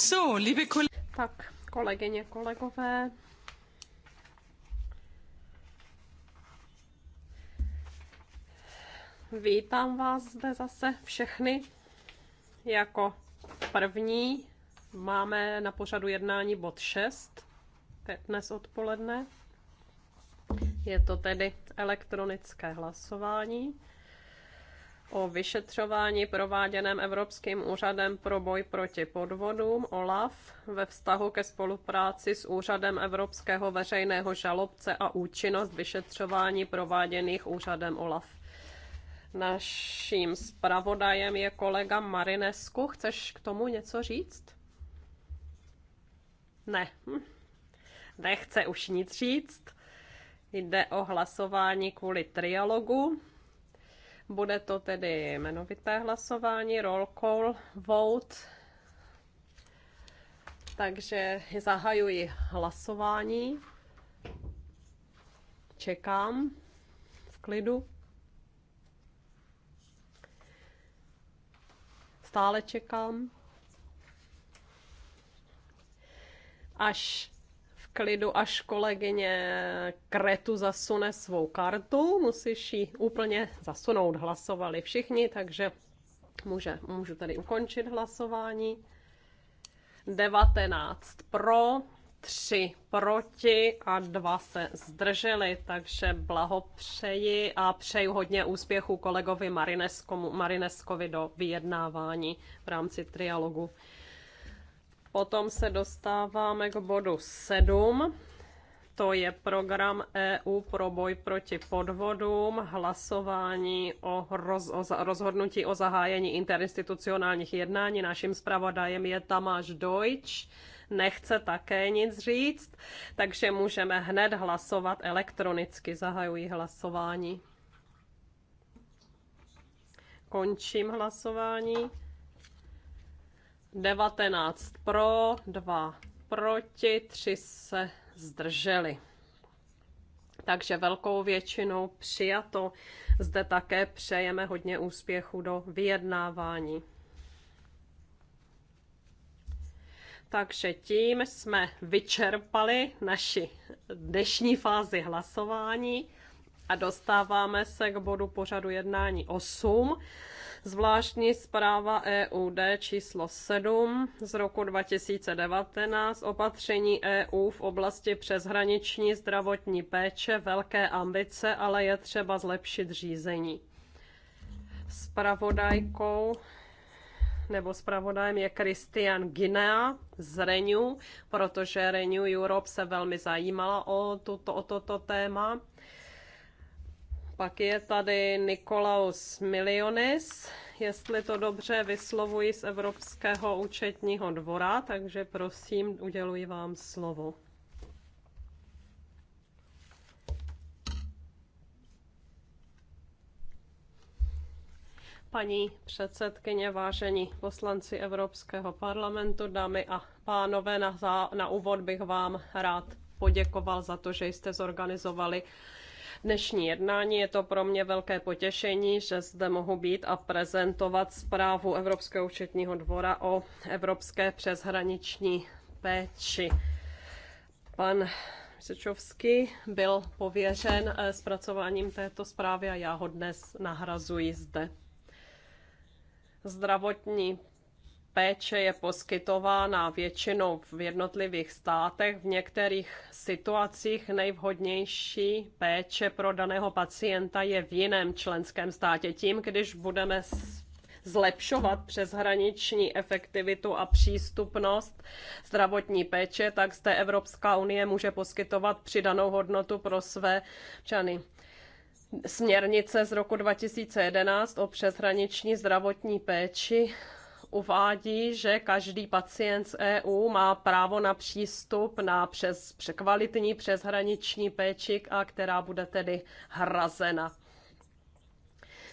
So, liebe kole- tak, kolegyně, kolegové. Vítám vás zde zase všechny. Jako první máme na pořadu jednání bod 6 dnes odpoledne. Je to tedy elektronické hlasování o vyšetřování prováděném Evropským úřadem pro boj proti podvodům OLAF ve vztahu ke spolupráci s Úřadem Evropského veřejného žalobce a účinnost vyšetřování prováděných úřadem OLAF. Naším zpravodajem je kolega Marinesku. Chceš k tomu něco říct? Ne. Hm. Nechce už nic říct. Jde o hlasování kvůli trialogu bude to tedy jmenovité hlasování, roll call, vote. Takže zahajuji hlasování. Čekám v klidu. Stále čekám. Až klidu, až kolegyně Kretu zasune svou kartu. Musíš ji úplně zasunout. Hlasovali všichni, takže může, můžu tady ukončit hlasování. 19 pro, 3 proti a 2 se zdrželi, takže blahopřeji a přeju hodně úspěchu kolegovi Marineskovi do vyjednávání v rámci trialogu. Potom se dostáváme k bodu 7. To je program EU pro boj proti podvodům, hlasování o, roz, o rozhodnutí o zahájení interinstitucionálních jednání. Naším zpravodajem je Tamáš Deutsch. Nechce také nic říct, takže můžeme hned hlasovat elektronicky. Zahajuji hlasování. Končím hlasování. 19 pro, 2 proti, 3 se zdrželi. Takže velkou většinou přijato. Zde také přejeme hodně úspěchu do vyjednávání. Takže tím jsme vyčerpali naši dnešní fázi hlasování a dostáváme se k bodu pořadu jednání 8. Zvláštní zpráva EUD číslo 7 z roku 2019 opatření EU v oblasti přeshraniční zdravotní péče, velké ambice, ale je třeba zlepšit řízení. Spravodajkou nebo zpravodajem je Christian Guinea z Renew, protože Renew Europe se velmi zajímala o, tuto, o toto téma. Pak je tady Nikolaos Milionis, jestli to dobře vyslovuji z Evropského účetního dvora, takže prosím, uděluji vám slovo. Paní předsedkyně, vážení poslanci Evropského parlamentu, dámy a pánové, na, na úvod bych vám rád poděkoval za to, že jste zorganizovali dnešní jednání. Je to pro mě velké potěšení, že zde mohu být a prezentovat zprávu Evropského účetního dvora o evropské přeshraniční péči. Pan Sečovský byl pověřen eh, zpracováním této zprávy a já ho dnes nahrazuji zde. Zdravotní péče je poskytována většinou v jednotlivých státech. V některých situacích nejvhodnější péče pro daného pacienta je v jiném členském státě. Tím, když budeme zlepšovat přeshraniční efektivitu a přístupnost zdravotní péče, tak zde Evropská unie může poskytovat přidanou hodnotu pro své občany. Směrnice z roku 2011 o přeshraniční zdravotní péči uvádí, že každý pacient z EU má právo na přístup na přes, překvalitní přeshraniční péči, a která bude tedy hrazena.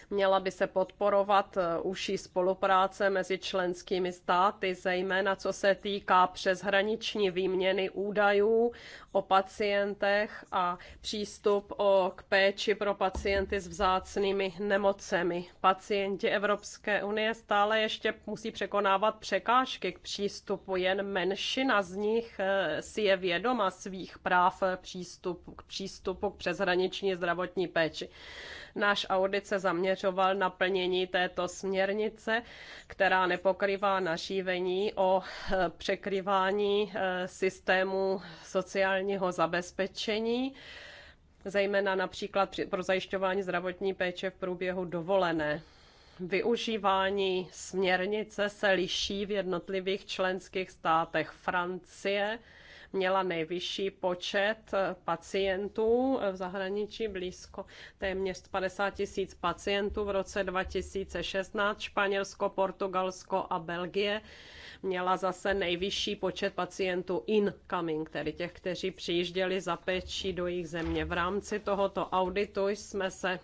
Měla by se podporovat eh, užší spolupráce mezi členskými státy, zejména co se týká přeshraniční výměny údajů o pacientech a přístup o, k péči pro pacienty s vzácnými nemocemi. Pacienti Evropské unie stále ještě musí překonávat překážky k přístupu, jen menšina z nich eh, si je vědoma svých práv eh, přístupu, k přístupu k přeshraniční zdravotní péči. Náš audit se zaměřoval na plnění této směrnice, která nepokrývá našívení o eh, překrývání eh, systému sociálního zabezpečení zejména například pro zajišťování zdravotní péče v průběhu dovolené. Využívání směrnice se liší v jednotlivých členských státech Francie, měla nejvyšší počet eh, pacientů eh, v zahraničí, blízko téměř 50 tisíc pacientů v roce 2016. Španělsko, Portugalsko a Belgie měla zase nejvyšší počet pacientů incoming, tedy těch, kteří přijížděli za péčí do jejich země. V rámci tohoto auditu jsme se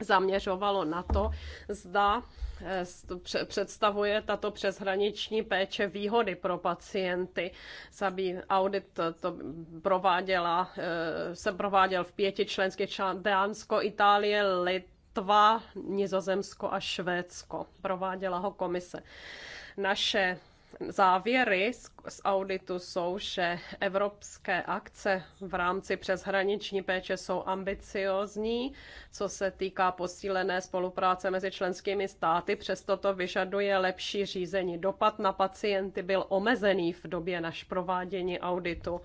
zaměřovalo na to, zda Eh, představuje tato přeshraniční péče výhody pro pacienty. Sabí audit to prováděla, eh, se prováděl v pěti členských článků: Dánsko, Itálie, Litva, Nizozemsko a Švédsko. Prováděla ho komise. Naše Závěry z auditu jsou, že evropské akce v rámci přeshraniční péče jsou ambiciozní, co se týká posílené spolupráce mezi členskými státy, přesto to vyžaduje lepší řízení. Dopad na pacienty byl omezený v době naš provádění auditu.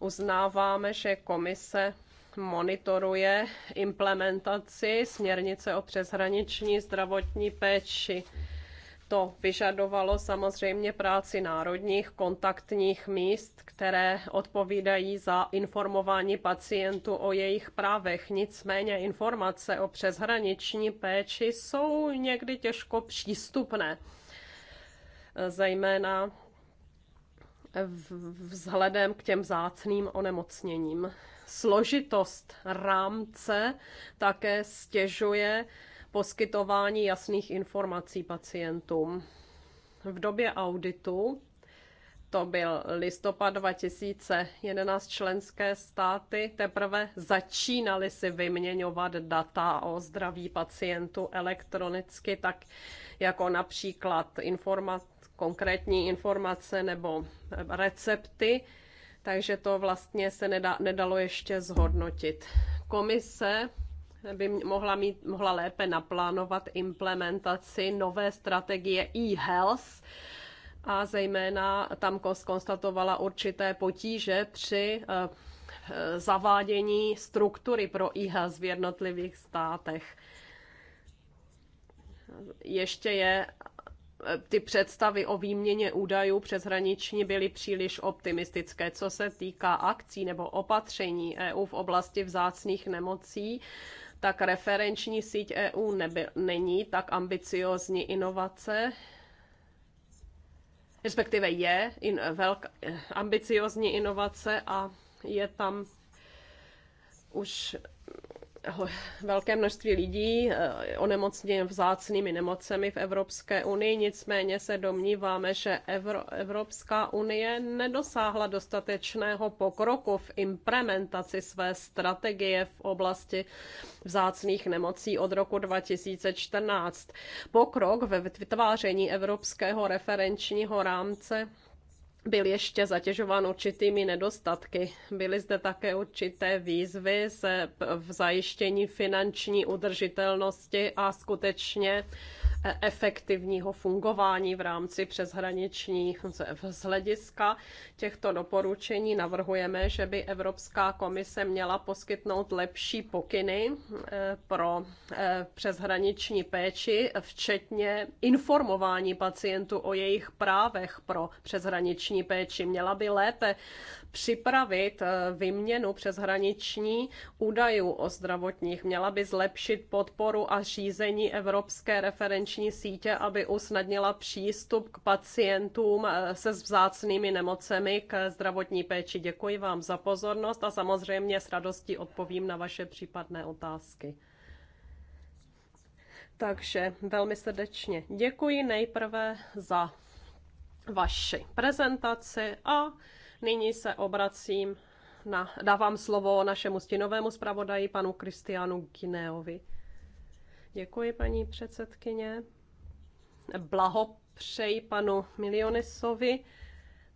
Uznáváme, že komise monitoruje implementaci směrnice o přeshraniční zdravotní péči to vyžadovalo samozřejmě práci národních kontaktních míst, které odpovídají za informování pacientů o jejich právech. Nicméně informace o přeshraniční péči jsou někdy těžko přístupné. Zejména vzhledem k těm zácným onemocněním. Složitost rámce také stěžuje poskytování jasných informací pacientům. V době auditu, to byl listopad 2011, členské státy teprve začínaly si vyměňovat data o zdraví pacientů elektronicky, tak jako například informa- konkrétní informace nebo recepty, takže to vlastně se nedalo ještě zhodnotit. Komise by mohla, mít, mohla lépe naplánovat implementaci nové strategie e-health a zejména tam konstatovala určité potíže při eh, eh, zavádění struktury pro e-health v jednotlivých státech. Ještě je eh, ty představy o výměně údajů přeshraniční byly příliš optimistické. Co se týká akcí nebo opatření EU v oblasti vzácných nemocí, tak referenční síť EU neby, není tak ambiciozní inovace, respektive je in, velk, ambiciozní inovace a je tam už velké množství lidí eh, onemocní vzácnými nemocemi v Evropské unii, nicméně se domníváme, že Evropská unie nedosáhla dostatečného pokroku v implementaci své strategie v oblasti vzácných nemocí od roku 2014. Pokrok ve vytváření Evropského referenčního rámce byl ještě zatěžován určitými nedostatky. Byly zde také určité výzvy se v zajištění finanční udržitelnosti a skutečně efektivního fungování v rámci přeshraniční. Z hlediska těchto doporučení navrhujeme, že by Evropská komise měla poskytnout lepší pokyny eh, pro eh, přeshraniční péči, včetně informování pacientů o jejich právech pro přeshraniční péči. Měla by lépe připravit eh, vyměnu přeshraniční údajů o zdravotních. Měla by zlepšit podporu a řízení Evropské referenční sítě, aby usnadnila přístup k pacientům eh, se vzácnými nemocemi k zdravotní péči. Děkuji vám za pozornost a samozřejmě s radostí odpovím na vaše případné otázky. Takže velmi srdečně děkuji nejprve za vaši prezentaci a Nyní se obracím na, dávám slovo našemu stinovému zpravodaji, panu Kristianu Gineovi. Děkuji, paní předsedkyně. Blahopřeji panu Milionisovi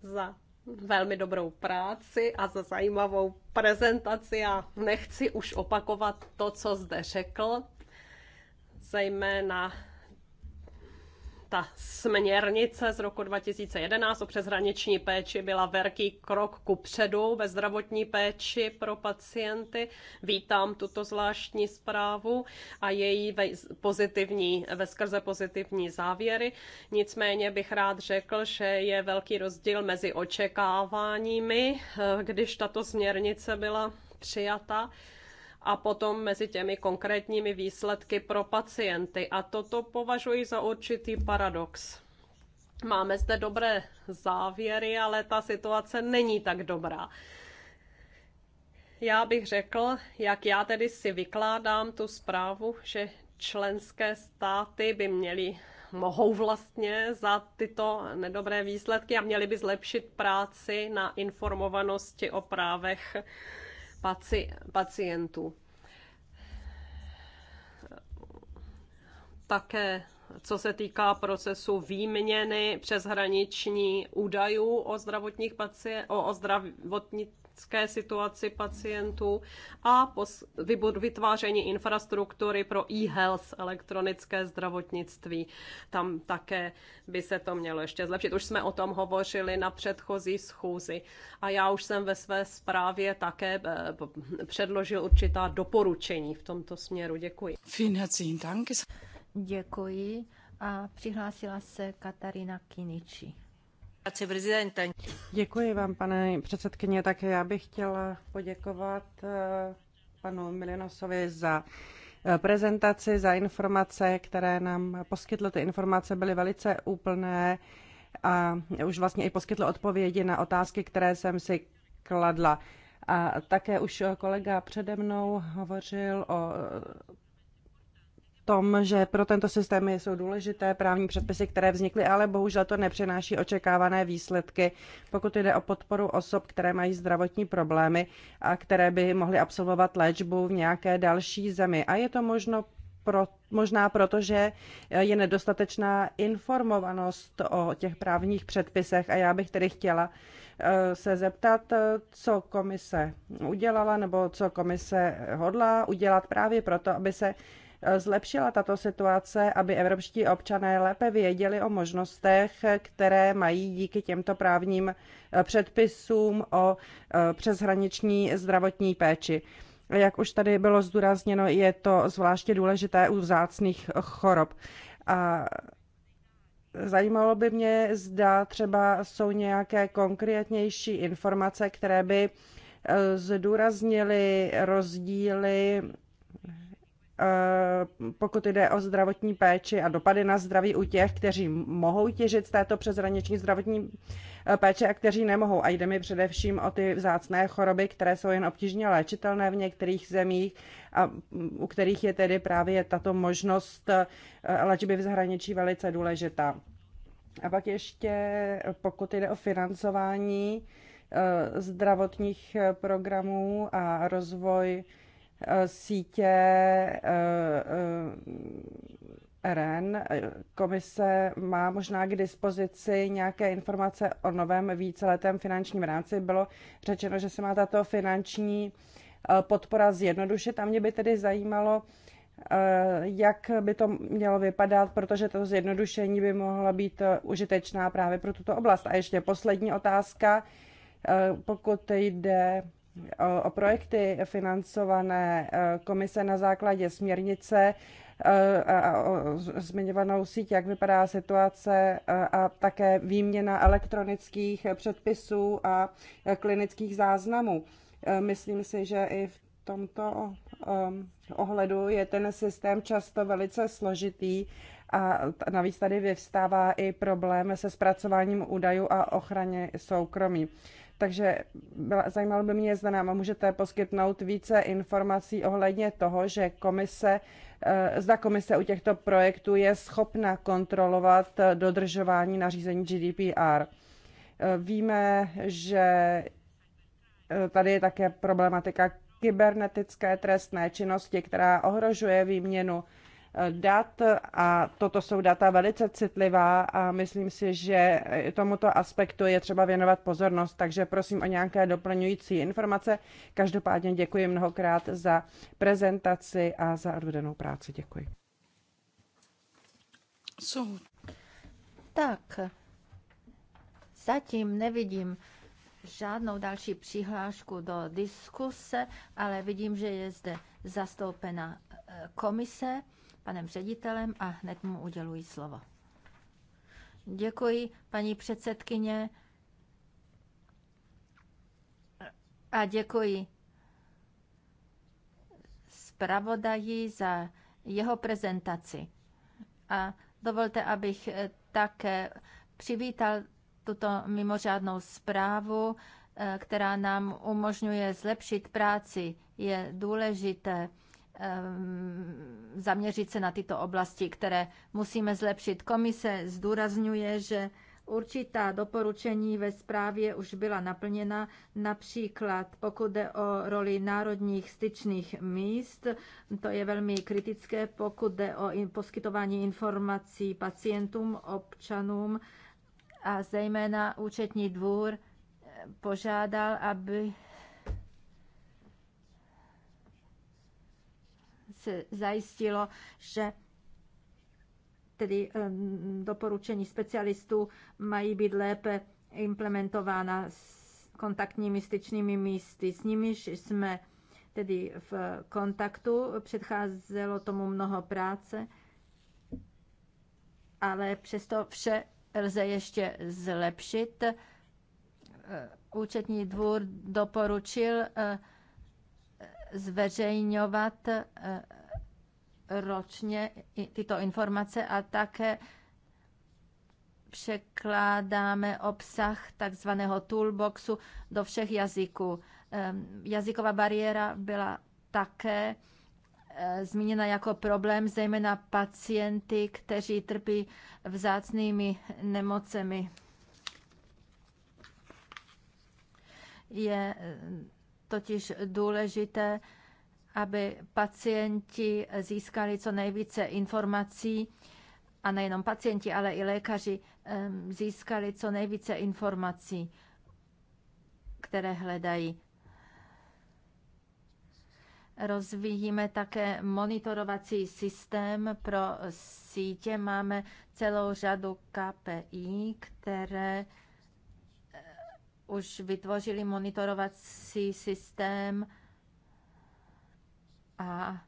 za velmi dobrou práci a za zajímavou prezentaci. Já nechci už opakovat to, co zde řekl, zejména ta směrnice z roku 2011 o přeshraniční péči byla velký krok ku předu ve zdravotní péči pro pacienty. Vítám tuto zvláštní zprávu a její pozitivní, ve skrze pozitivní závěry. Nicméně bych rád řekl, že je velký rozdíl mezi očekáváními, eh, když tato směrnice byla přijata a potom mezi těmi konkrétními výsledky pro pacienty. A toto považuji za určitý paradox. Máme zde dobré závěry, ale ta situace není tak dobrá. Já bych řekl, jak já tedy si vykládám tu zprávu, že členské státy by měly mohou vlastně za tyto nedobré výsledky a měli by zlepšit práci na informovanosti o právech paci- pacientů. Také co se týká procesu výměny přeshraniční údajů o zdravotních paci- o, o zdravotních praktické situaci pacientů a vytváření infrastruktury pro e-health, elektronické zdravotnictví. Tam také by se to mělo ještě zlepšit. Už jsme o tom hovořili na předchozí schůzi a já už jsem ve své zprávě také eh, předložil určitá doporučení v tomto směru. Děkuji. Děkuji a přihlásila se Katarína Kiniči. Děkuji vám, pane předsedkyně. Tak já bych chtěla poděkovat eh, panu Milinosovi za eh, prezentaci, za informace, které nám poskytl. Ty informace byly velice úplné a už vlastně i poskytl odpovědi na otázky, které jsem si kladla. A také už kolega přede mnou hovořil o tom, že pro tento systém jsou důležité právní předpisy, které vznikly, ale bohužel to nepřenáší očekávané výsledky, pokud jde o podporu osob, které mají zdravotní problémy a které by mohly absolvovat léčbu v nějaké další zemi. A je to možno pro, možná proto, že je nedostatečná informovanost o těch právních předpisech a já bych tedy chtěla eh, se zeptat, eh, co komise udělala nebo co komise hodlá udělat právě proto, aby se zlepšila tato situace, aby evropští občané lépe věděli o možnostech, které mají díky těmto právním eh, předpisům o eh, přeshraniční zdravotní péči. Jak už tady bylo zdůrazněno, je to zvláště důležité u vzácných chorob. A Zajímalo by mě, zda třeba jsou nějaké konkrétnější informace, které by eh, zdůraznily rozdíly Eh, pokud jde o zdravotní péči a dopady na zdraví u těch, kteří mohou těžit z této přezraniční zdravotní eh, péče a kteří nemohou. A jde mi především o ty vzácné choroby, které jsou jen obtížně léčitelné v některých zemích a u kterých je tedy právě tato možnost eh, léčby v zahraničí velice důležitá. A pak ještě, pokud jde o financování zdravotních programů a rozvoj Eh, sítě eh, eh, REN. Komise má možná k dispozici nějaké informace o novém víceletém finančním rámci. Bylo řečeno, že se má tato finanční podpora zjednodušit a mě by tedy zajímalo, jak by to mělo vypadat, protože to zjednodušení by mohla být užitečná právě pro tuto oblast. A ještě poslední otázka, pokud jde o, o projekty financované e, komise na základě směrnice e, a o zmiňovanou síť, jak vypadá situace e, a také výměna elektronických předpisů a klinických záznamů. Myslím si, že i v tomto ohledu je ten systém často velice složitý a navíc tady vyvstává i problém se zpracováním údajů a ochraně soukromí. Takže zajímalo by mě, zda nám můžete poskytnout více informací ohledně toho, že komise, eh, zda komise u těchto projektů je schopna kontrolovat eh, dodržování nařízení GDPR. Eh, víme, že tady je také problematika kybernetické trestné činnosti, která ohrožuje výměnu dat a toto jsou data velice citlivá a myslím si, že tomuto aspektu je třeba věnovat pozornost, takže prosím o nějaké doplňující informace. Každopádně děkuji mnohokrát za prezentaci a za odvedenou práci. Děkuji. So. Tak, zatím nevidím žádnou další přihlášku do diskuse, ale vidím, že je zde zastoupena eh, komise panem ředitelem a hned mu uděluji slovo. Děkuji, paní předsedkyně. A děkuji zpravodaji za jeho prezentaci. A dovolte, abych také přivítal tuto mimořádnou zprávu, eh, která nám umožňuje zlepšit práci. Je důležité Ehm, zaměřit se na tyto oblasti, které musíme zlepšit. Komise zdůrazňuje, že určitá doporučení ve zprávě už byla naplněna, například pokud jde o roli národních styčných míst, to je velmi kritické, pokud jde o poskytování informací pacientům, občanům a zejména účetní dvůr eh, požádal, aby se zajistilo, že tedy doporučení specialistů mají být lépe implementována s kontaktními styčnými místy. S nimiž jsme tedy v kontaktu, předcházelo tomu mnoho práce, ale přesto vše lze ještě zlepšit. Účetní dvůr doporučil eh, zveřejňovat eh, ročně tyto informace a také překládáme obsah takzvaného toolboxu do všech jazyků. Ehm, jazyková bariéra byla také eh, zmíněna jako problém, zejména pacienty, kteří trpí vzácnými nemocemi. Je eh, totiž důležité, aby pacienti získali co nejvíce informací, a nejenom pacienti, ale i lékaři získali co nejvíce informací, které hledají. Rozvíjíme také monitorovací systém pro sítě. Máme celou řadu KPI, které už vytvořili monitorovací systém a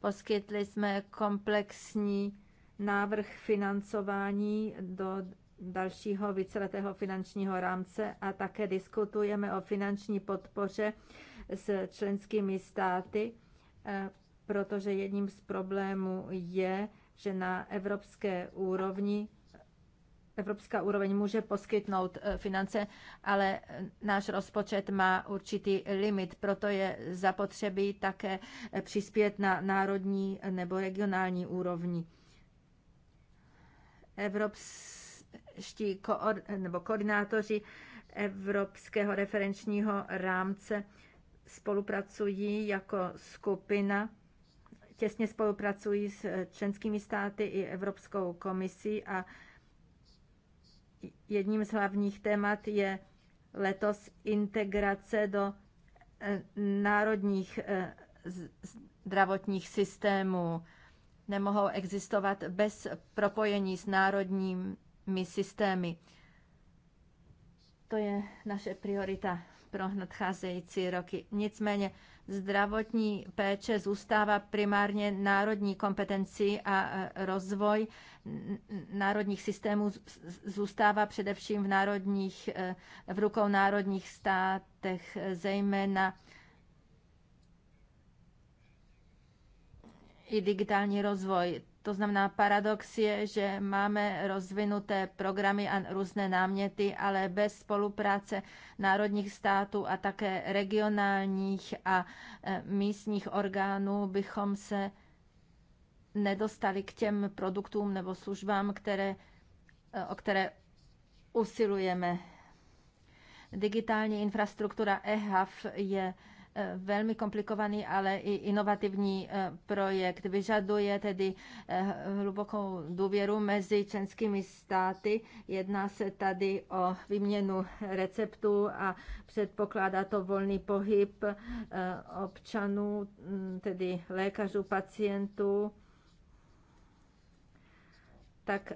poskytli jsme komplexní návrh financování do dalšího víceletého finančního rámce a také diskutujeme o finanční podpoře s členskými státy, e, protože jedním z problémů je, že na evropské úrovni evropská úroveň může poskytnout eh, finance, ale eh, náš rozpočet má určitý limit, proto je zapotřebí také eh, přispět na národní nebo regionální úrovni. Evropští koor- nebo koordinátoři Evropského referenčního rámce spolupracují jako skupina těsně spolupracují s členskými státy i Evropskou komisí a jedním z hlavních témat je letos integrace do eh, národních eh, zdravotních systémů. Nemohou existovat bez propojení s národními systémy. To je naše priorita pro nadcházející roky. Nicméně zdravotní péče zůstává primárně národní kompetenci a e, rozvoj národních systémů zůstává především v, národních, e, v rukou národních státech, e, zejména i digitální rozvoj. To znamená, paradox je, že máme rozvinuté programy a různé náměty, ale bez spolupráce národních států a také regionálních a e, místních orgánů bychom se nedostali k těm produktům nebo službám, které, e, o které usilujeme. Digitální infrastruktura EHAF je Eh, velmi komplikovaný, ale i inovativní eh, projekt. Vyžaduje tedy eh, hlubokou důvěru mezi členskými státy. Jedná se tady o výměnu receptů a předpokládá to volný pohyb občanů, mm, tedy lékařů, pacientů, tak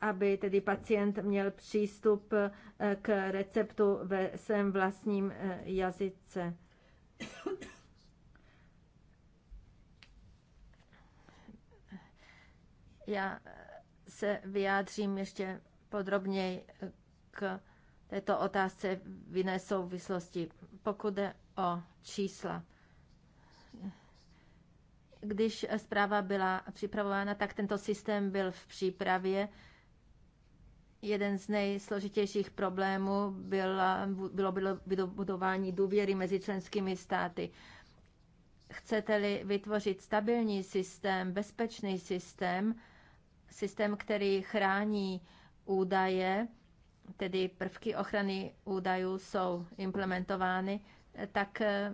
aby tedy pacient měl přístup k receptu ve svém vlastním jazyce. Já se vyjádřím ještě podrobněji k této otázce v jiné souvislosti. Pokud jde o čísla, když zpráva byla připravována, tak tento systém byl v přípravě Jeden z nejsložitějších problémů byla, bylo, bylo budování důvěry mezi členskými státy. Chcete-li vytvořit stabilní systém, bezpečný systém, systém, který chrání údaje, tedy prvky ochrany údajů jsou implementovány, tak eh,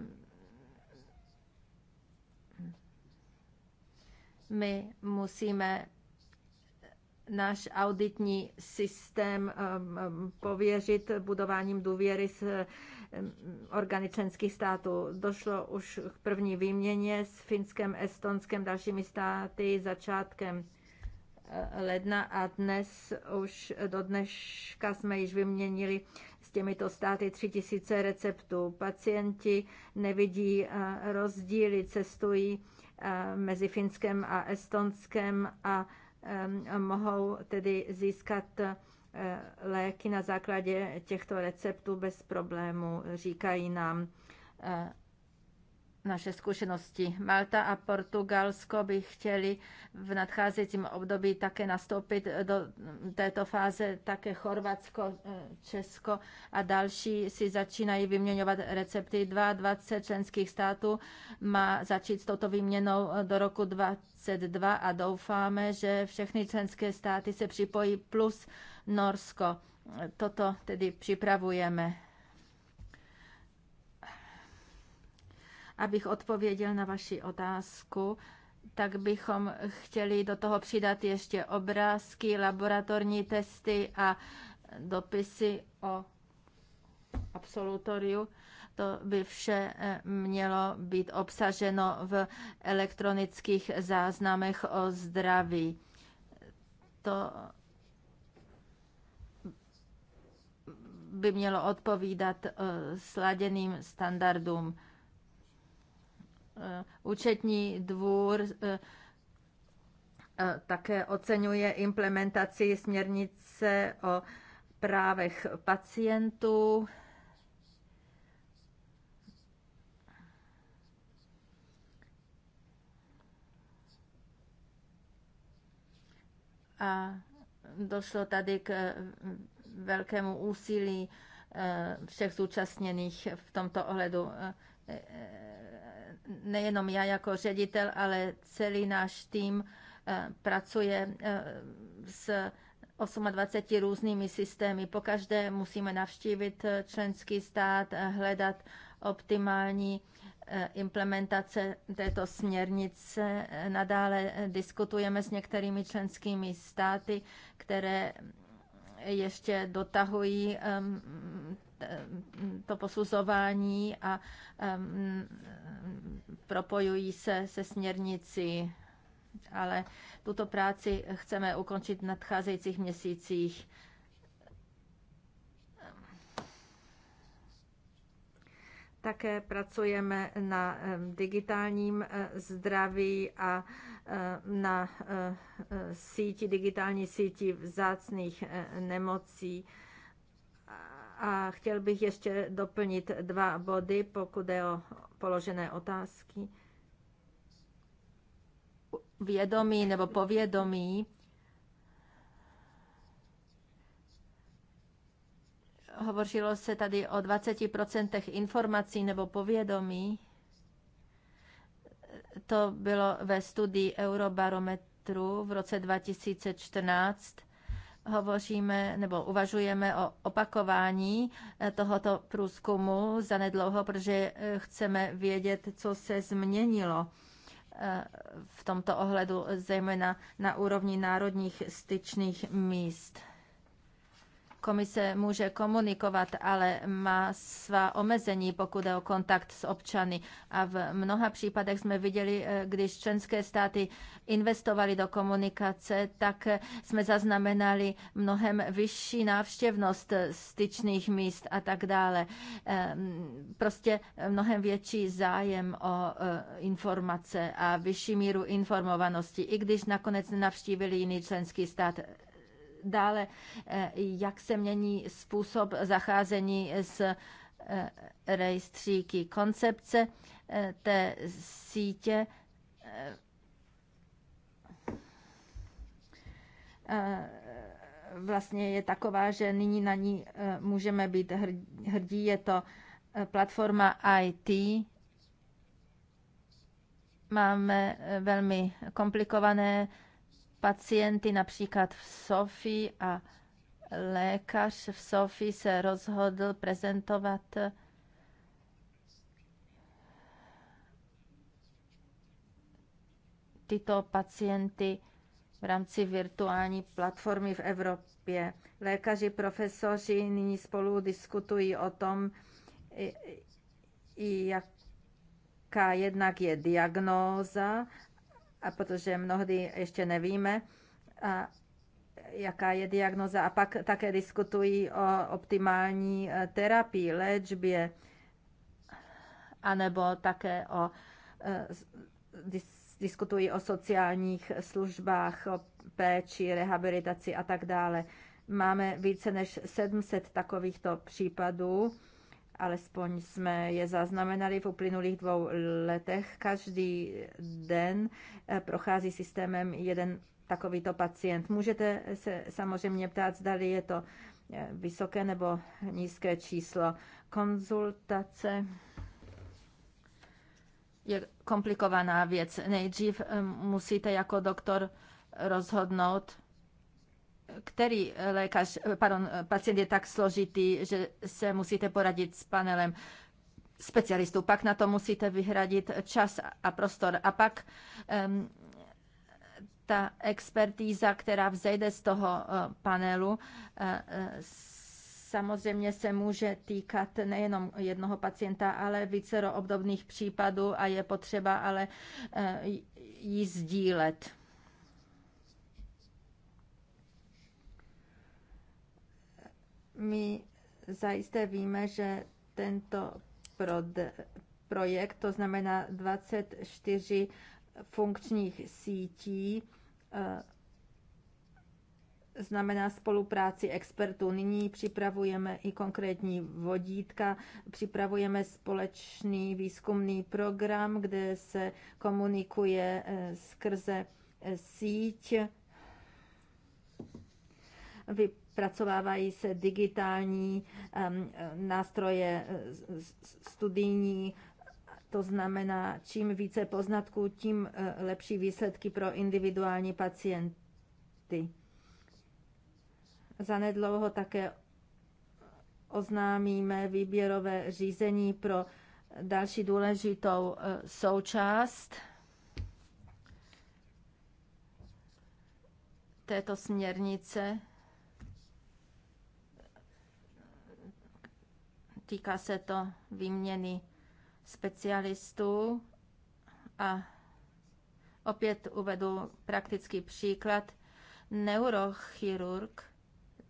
my musíme náš auditní systém um, um, pověřit budováním důvěry s um, orgány členských států. Došlo už k první výměně s Finskem, Estonskem, dalšími státy začátkem eh, ledna a dnes už do dneška jsme již vyměnili s těmito státy 3000 receptů. Pacienti nevidí eh, rozdíly, cestují eh, mezi Finskem a Estonskem a mohou tedy získat eh, léky na základě těchto receptů bez problému, říkají nám eh, naše zkušenosti. Malta a Portugalsko by chtěli v nadcházejícím období také nastoupit do této fáze, také Chorvatsko, eh, Česko a další si začínají vyměňovat recepty. 22 členských států má začít s touto výměnou eh, do roku 2022 a doufáme, že všechny členské státy se připojí plus Norsko. Toto tedy připravujeme Abych odpověděl na vaši otázku, tak bychom chtěli do toho přidat ještě obrázky, laboratorní testy a dopisy o absolutoriu. To by vše eh, mělo být obsaženo v elektronických záznamech o zdraví. To by mělo odpovídat eh, sladěným standardům Eh, účetní dvůr eh, eh, také oceňuje implementaci směrnice o právech pacientů. A došlo tady k velkému úsilí všech zúčastněných v tomto ohledu nejenom já jako ředitel, ale celý náš tým eh, pracuje eh, s 28 různými systémy. Pokaždé musíme navštívit eh, členský stát, hledat optimální implementace této směrnice. Nadále diskutujeme s některými členskými státy, které ještě dotahují Eh, to posuzování a propojují se se směrnici, ale tuto práci chceme ukončit v nadcházejících měsících. Také pracujeme na digitálním eh, zdraví a na eh, síti, digitální síti vzácných nemocí a chtěl bych ještě doplnit dva body, pokud je o položené otázky. Vědomí nebo povědomí hovořilo se tady o 20% informací nebo povědomí. To bylo ve studii Eurobarometru v roce 2014 hovoříme nebo uvažujeme o opakování eh, tohoto průzkumu zanedlouho, protože eh, chceme vědět, co se změnilo eh, v tomto ohledu, zejména na úrovni národních styčných míst komise může komunikovat, ale má svá omezení, pokud je o kontakt s občany. A v mnoha případech jsme viděli, eh, když členské státy investovali do komunikace, tak eh, jsme zaznamenali mnohem vyšší návštěvnost styčných míst a tak dále. Ehm, prostě mnohem větší zájem o eh, informace a vyšší míru informovanosti, i když nakonec navštívili jiný členský stát dále, eh, jak se mění způsob zacházení s eh, rejstříky koncepce eh, té sítě vlastně je taková, že nyní na ní můžeme být hrdí. Je to platforma IT. Máme velmi komplikované pacienty například v Sofii a lékař v Sofii se rozhodl prezentovat tyto pacienty v rámci virtuální platformy v Evropě. Lékaři, profesoři nyní spolu diskutují o tom, jaká jednak je diagnóza a protože mnohdy ještě nevíme, a jaká je diagnoza. A pak také diskutují o optimální e, terapii, léčbě, anebo také o e, diskutují o sociálních službách, o péči, rehabilitaci a tak dále. Máme více než 700 takovýchto případů alespoň jsme je zaznamenali v uplynulých dvou letech. Každý den eh, prochází systémem jeden takovýto pacient. Můžete se samozřejmě ptát, zda je to eh, vysoké nebo nízké číslo. Konzultace je komplikovaná věc. Nejdřív eh, musíte jako doktor rozhodnout, který lékař, pardon, pacient je tak složitý, že se musíte poradit s panelem specialistů. Pak na to musíte vyhradit čas a prostor. A pak um, ta expertíza, která vzejde z toho eh, panelu, eh, samozřejmě se může týkat nejenom jednoho pacienta, ale vícero obdobných případů a je potřeba ale eh, ji sdílet. My zajisté víme, že tento projekt, to znamená 24 funkčních sítí, eh, znamená spolupráci expertů. Nyní připravujeme i konkrétní vodítka, připravujeme společný výzkumný program, kde se komunikuje eh, skrze eh, síť. Vy zpracovávají se digitální nástroje eh, studijní, to znamená, čím více poznatků, tím eh, lepší výsledky pro individuální pacienty. Zanedlouho také oznámíme výběrové řízení pro další důležitou eh, součást této směrnice Týká se to výměny specialistů a opět uvedu praktický příklad. Neurochirurg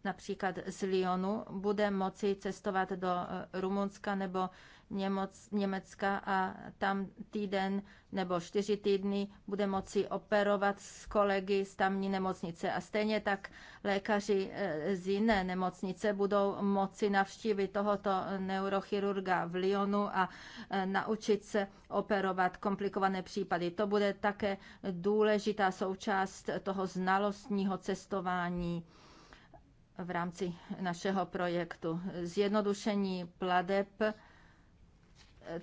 například z Lyonu bude moci cestovat do eh, Rumunska nebo Němoc, Německa a tam týden nebo čtyři týdny bude moci operovat s kolegy z tamní nemocnice. A stejně tak lékaři eh, z jiné nemocnice budou moci navštívit tohoto neurochirurga v Lyonu a eh, naučit se operovat komplikované případy. To bude také důležitá součást toho znalostního cestování v rámci našeho projektu. Zjednodušení pladeb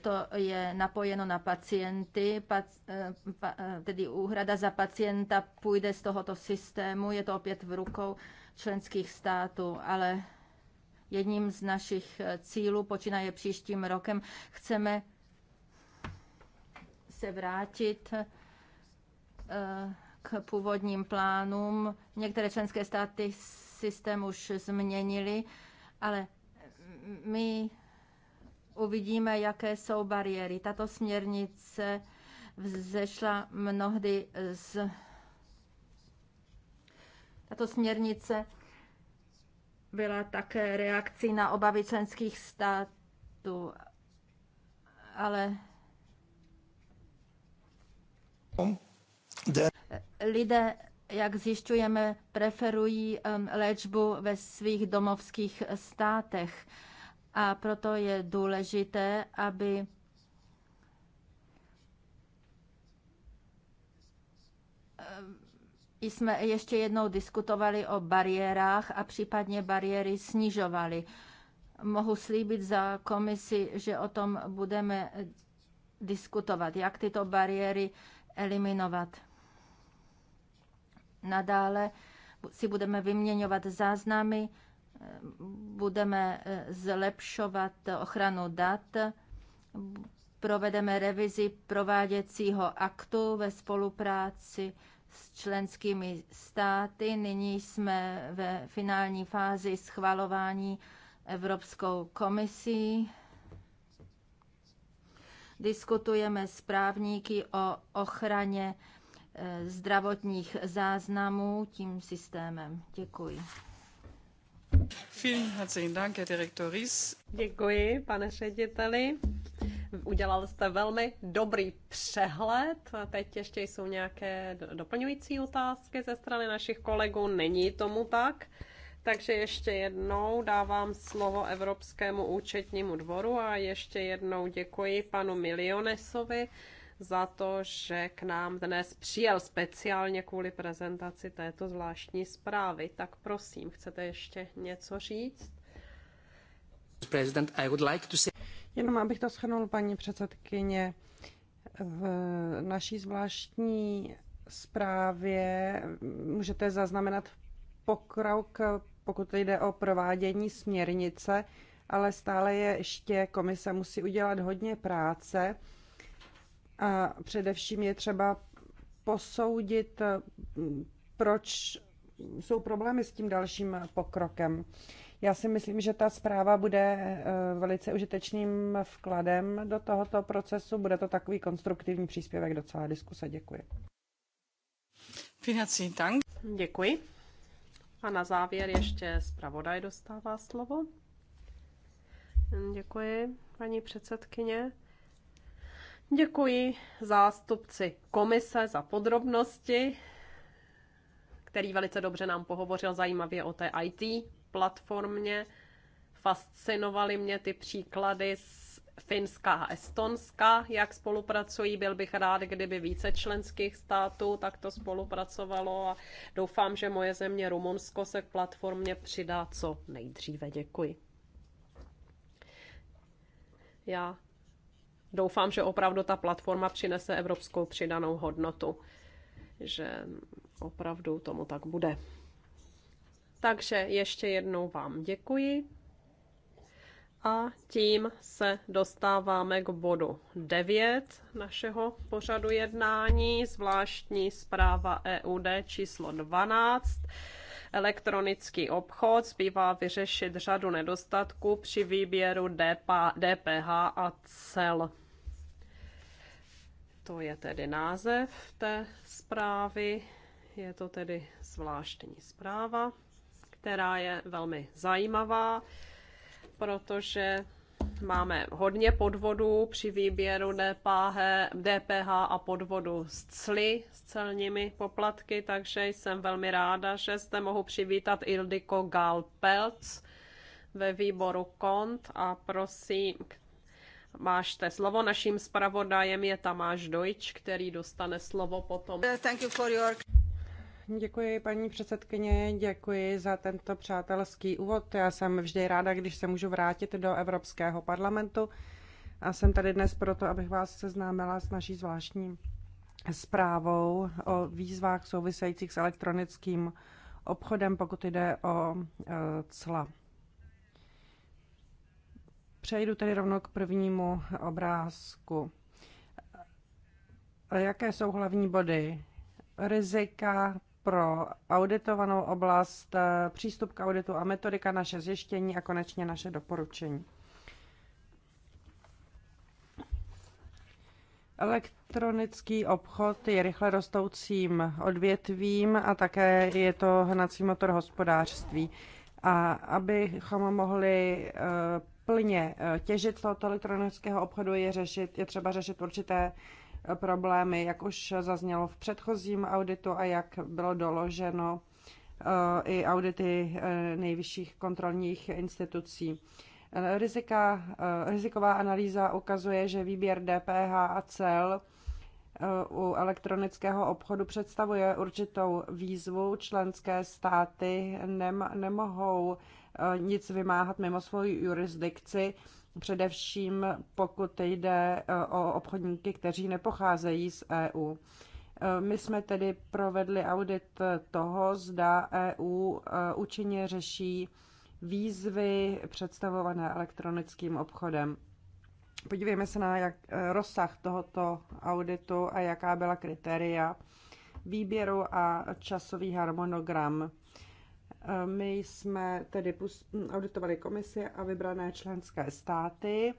to je napojeno na pacienty, eh, eh, tedy úhrada za pacienta půjde z tohoto systému, je to opět v rukou členských států, ale jedním z našich eh, cílů, počínaje příštím rokem, chceme se vrátit k původním plánům. Některé členské státy systém už změnili, ale my uvidíme, jaké jsou bariéry. Tato směrnice vzešla mnohdy z... Tato směrnice byla také reakcí na obavy členských států, ale lidé, jak zjišťujeme, preferují um, léčbu ve svých domovských státech a proto je důležité, aby jsme ještě jednou diskutovali o bariérách a případně bariéry snižovali. Mohu slíbit za komisi, že o tom budeme diskutovat, jak tyto bariéry eliminovat. Nadále si budeme vyměňovat záznamy, budeme eh, zlepšovat ochranu dat, provedeme revizi prováděcího aktu ve spolupráci s členskými státy. Nyní jsme ve finální fázi schvalování Evropskou komisí. Diskutujeme s právníky o ochraně eh, zdravotních záznamů tím systémem. Děkuji. Děkuji, pane řediteli. Udělal jste velmi dobrý přehled. Teď ještě jsou nějaké doplňující otázky ze strany našich kolegů. Není tomu tak. Takže ještě jednou dávám slovo Evropskému účetnímu dvoru a ještě jednou děkuji panu Milionesovi za to, že k nám dnes přijel speciálně kvůli prezentaci této zvláštní zprávy. Tak prosím, chcete ještě něco říct? I would like to say... Jenom abych to schrnul, paní předsedkyně, v naší zvláštní zprávě můžete zaznamenat pokrok, pokud jde o provádění směrnice, ale stále je ještě komise musí udělat hodně práce a především je třeba posoudit, mm, proč jsou problémy s tím dalším pokrokem. Já si myslím, že ta zpráva bude eh, velice užitečným vkladem do tohoto procesu. Bude to takový konstruktivní příspěvek do celé diskuse. Děkuji. Financí tank. Děkuji. A na závěr ještě zpravodaj dostává slovo. Děkuji, paní předsedkyně. Děkuji zástupci komise za podrobnosti, který velice dobře nám pohovořil zajímavě o té IT platformě. Fascinovaly mě ty příklady z Finska a Estonska, jak spolupracují. Byl bych rád, kdyby více členských států takto spolupracovalo a doufám, že moje země Rumunsko se k platformě přidá co nejdříve. Děkuji. Já doufám, že opravdu ta platforma přinese evropskou přidanou hodnotu, že opravdu tomu tak bude. Takže ještě jednou vám děkuji. A tím se dostáváme k bodu 9 našeho pořadu jednání, zvláštní zpráva EUD číslo 12. Elektronický obchod zbývá vyřešit řadu nedostatků při výběru DPH a cel. To je tedy název té zprávy. Je to tedy zvláštní zpráva, která je velmi zajímavá, protože máme hodně podvodů při výběru DPH, DPH a podvodu s cly, s celními poplatky, takže jsem velmi ráda, že zde mohu přivítat Ildiko Galpelc ve výboru KONT a prosím, Máš te slovo, naším zpravodajem je Tamáš Dojč, který dostane slovo potom. Uh, thank you for your... Děkuji, paní předsedkyně, děkuji za tento přátelský úvod. Já jsem vždy ráda, když se můžu vrátit do Evropského parlamentu a jsem tady dnes proto, abych vás seznámila s naší zvláštní zprávou o výzvách souvisejících s elektronickým obchodem, pokud jde o eh, cla. Přejdu tedy rovnou k prvnímu obrázku. E, jaké jsou hlavní body? Rizika pro auditovanou oblast, e, přístup k auditu a metodika, naše zjištění a konečně naše doporučení. Elektronický obchod je rychle rostoucím odvětvím a také je to hnací motor hospodářství. A abychom mohli e, plně eh, těžit tohoto elektronického obchodu je, řešit, je třeba řešit určité eh, problémy, jak už zaznělo v předchozím auditu a jak bylo doloženo eh, i audity nejvyšších kontrolních institucí. Rizika, riziková analýza ukazuje, že výběr DPH a cel u elektronického obchodu představuje určitou výzvu. Členské státy nem, nemohou Eh, nic vymáhat mimo svoji jurisdikci, především pokud jde eh, o obchodníky, kteří nepocházejí z EU. Eh, my jsme tedy provedli audit toho, zda EU účinně řeší výzvy představované elektronickým obchodem. Podívejme se na jak, rozsah tohoto auditu a jaká byla kritéria výběru a časový harmonogram. My jsme tedy auditovali komisi a vybrané členské státy.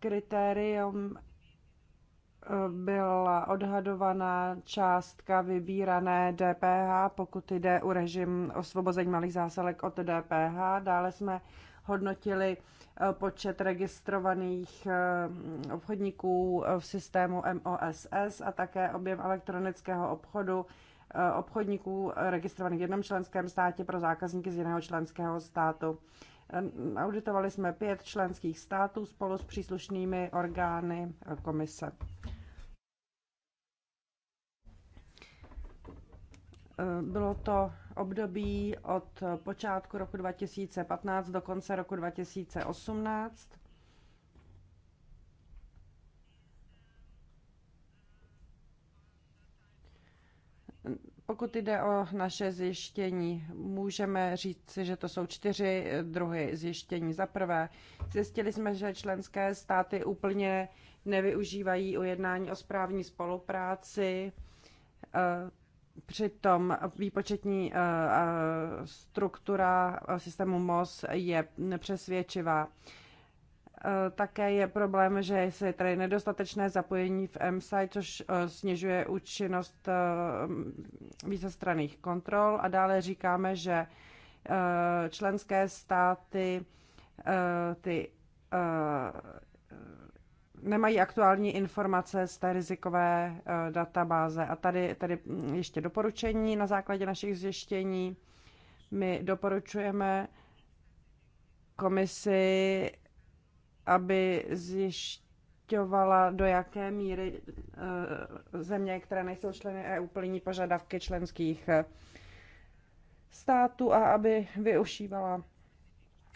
Kritérium eh, byla odhadovaná částka vybírané DPH, pokud jde o režim osvobození malých zásilek od DPH. Dále jsme hodnotili eh, počet registrovaných eh, obchodníků v systému MOSS a také objem elektronického obchodu Eh, obchodníků registrovaných v jednom členském státě pro zákazníky z jiného členského státu. Eh, auditovali jsme pět členských států spolu s příslušnými orgány eh, komise. Bylo to období od počátku roku 2015 do konce roku 2018 Pokud jde o naše zjištění, můžeme říct, že to jsou čtyři druhy zjištění. Za prvé, zjistili jsme, že členské státy úplně nevyužívají ujednání o správní spolupráci. Eh, přitom výpočetní eh, struktura systému MOS je nepřesvědčivá. Eh, také je problém, že je tady nedostatečné zapojení v MSI, což eh, snižuje účinnost eh, vícestranných kontrol. A dále říkáme, že členské státy ty nemají aktuální informace z té rizikové databáze. A tady, tady hm, ještě doporučení na základě našich zjištění. My doporučujeme komisi aby zjišťovala, do jaké míry eh, země, které nejsou členy EU, plní požadavky členských eh, států a aby využívala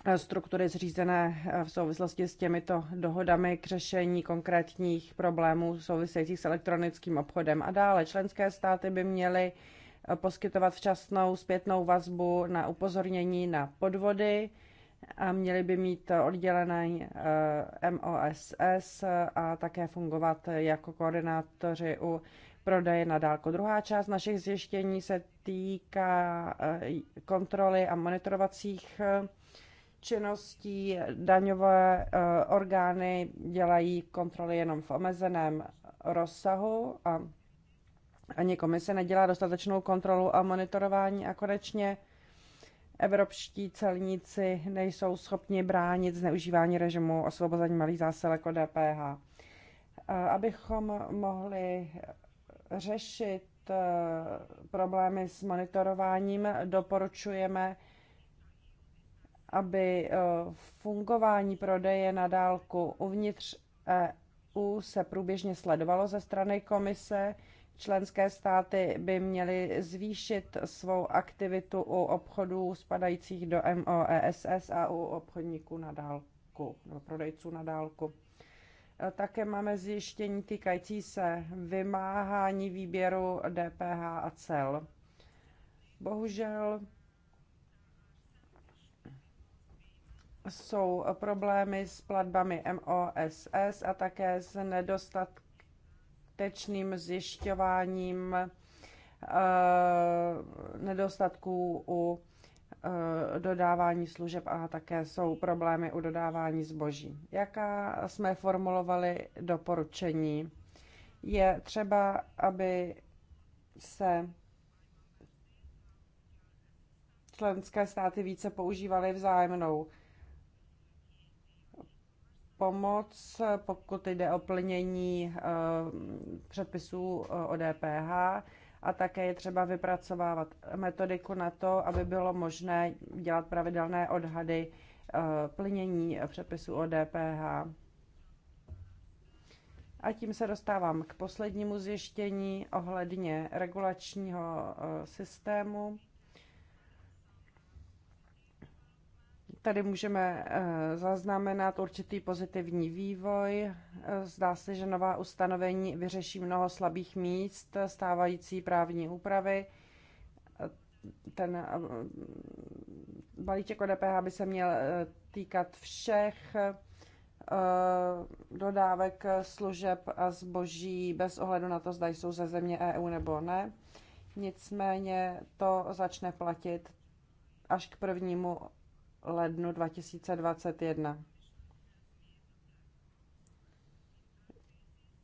eh, struktury zřízené v souvislosti s těmito dohodami k řešení konkrétních problémů souvisejících s elektronickým obchodem. A dále členské státy by měly poskytovat včasnou zpětnou vazbu na upozornění na podvody, a měly by mít oddělený eh, MOSS a také fungovat jako koordinátoři u prodeje na dálku. Druhá část našich zjištění se týká eh, kontroly a monitorovacích eh, činností. Daňové orgány dělají kontroly jenom v omezeném rozsahu a ani komise nedělá dostatečnou kontrolu a monitorování a konečně Evropští celníci nejsou schopni bránit zneužívání režimu osvobození malých zásilek jako od DPH. Abychom mohli řešit e, problémy s monitorováním, doporučujeme, aby e, fungování prodeje na dálku uvnitř EU se průběžně sledovalo ze strany komise. Členské státy by měly zvýšit svou aktivitu u obchodů spadajících do MOESS a u obchodníků na dálku, nebo prodejců na dálku. E, také máme zjištění týkající se vymáhání výběru DPH a cel. Bohužel jsou problémy s platbami MOSS a také s nedostatkem tečným zjišťováním eh, nedostatků u eh, dodávání služeb a také jsou problémy u dodávání zboží. Jaká jsme formulovali doporučení? Je třeba, aby se členské státy více používaly vzájemnou pomoc, pokud jde o plnění eh, předpisů eh, o DPH a také je třeba vypracovávat metodiku na to, aby bylo možné dělat pravidelné odhady eh, plnění předpisů o DPH. A tím se dostávám k poslednímu zjištění ohledně regulačního systému. Tady můžeme eh, zaznamenat určitý pozitivní vývoj. Eh, zdá se, že nová ustanovení vyřeší mnoho slabých míst stávající právní úpravy. Eh, ten balíček o DPH by se měl týkat všech dodávek služeb a zboží bez ohledu na to, zda jsou ze země EU nebo ne. Nicméně to začne platit až k prvnímu lednu 2021.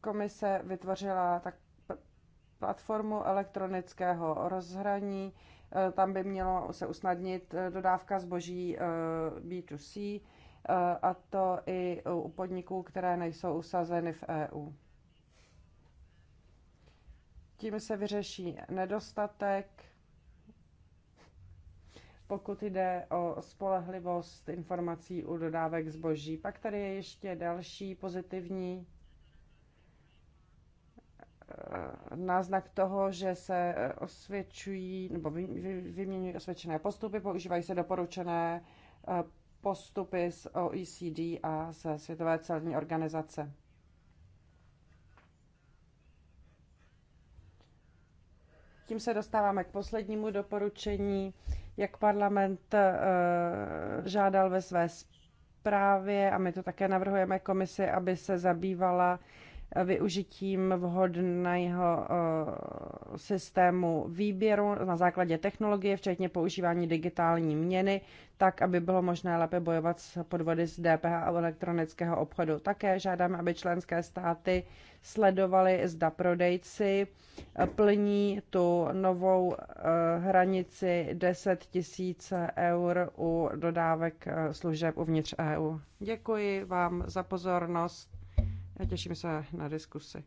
Komise vytvořila tak platformu elektronického rozhraní. Eh, tam by mělo se usnadnit eh, dodávka zboží eh, B2C, a to i u podniků, které nejsou usazeny v EU. Tím se vyřeší nedostatek pokud jde o spolehlivost informací u dodávek zboží. Pak tady je ještě další pozitivní eh, náznak toho, že se eh, osvědčují nebo vyměňují osvědčené postupy, používají se doporučené eh, postupy z OECD a ze Světové celní organizace. Tím se dostáváme k poslednímu doporučení, jak parlament eh, žádal ve své zprávě a my to také navrhujeme komisi, aby se zabývala využitím vhodného eh, systému výběru na základě technologie, včetně používání digitální měny, tak, aby bylo možné lépe bojovat s podvody z DPH a elektronického obchodu. Také žádám, aby členské státy sledovaly, zda prodejci eh, plní tu novou eh, hranici 10 000 eur u dodávek služeb uvnitř EU. Děkuji vám za pozornost. A těším se na diskusi.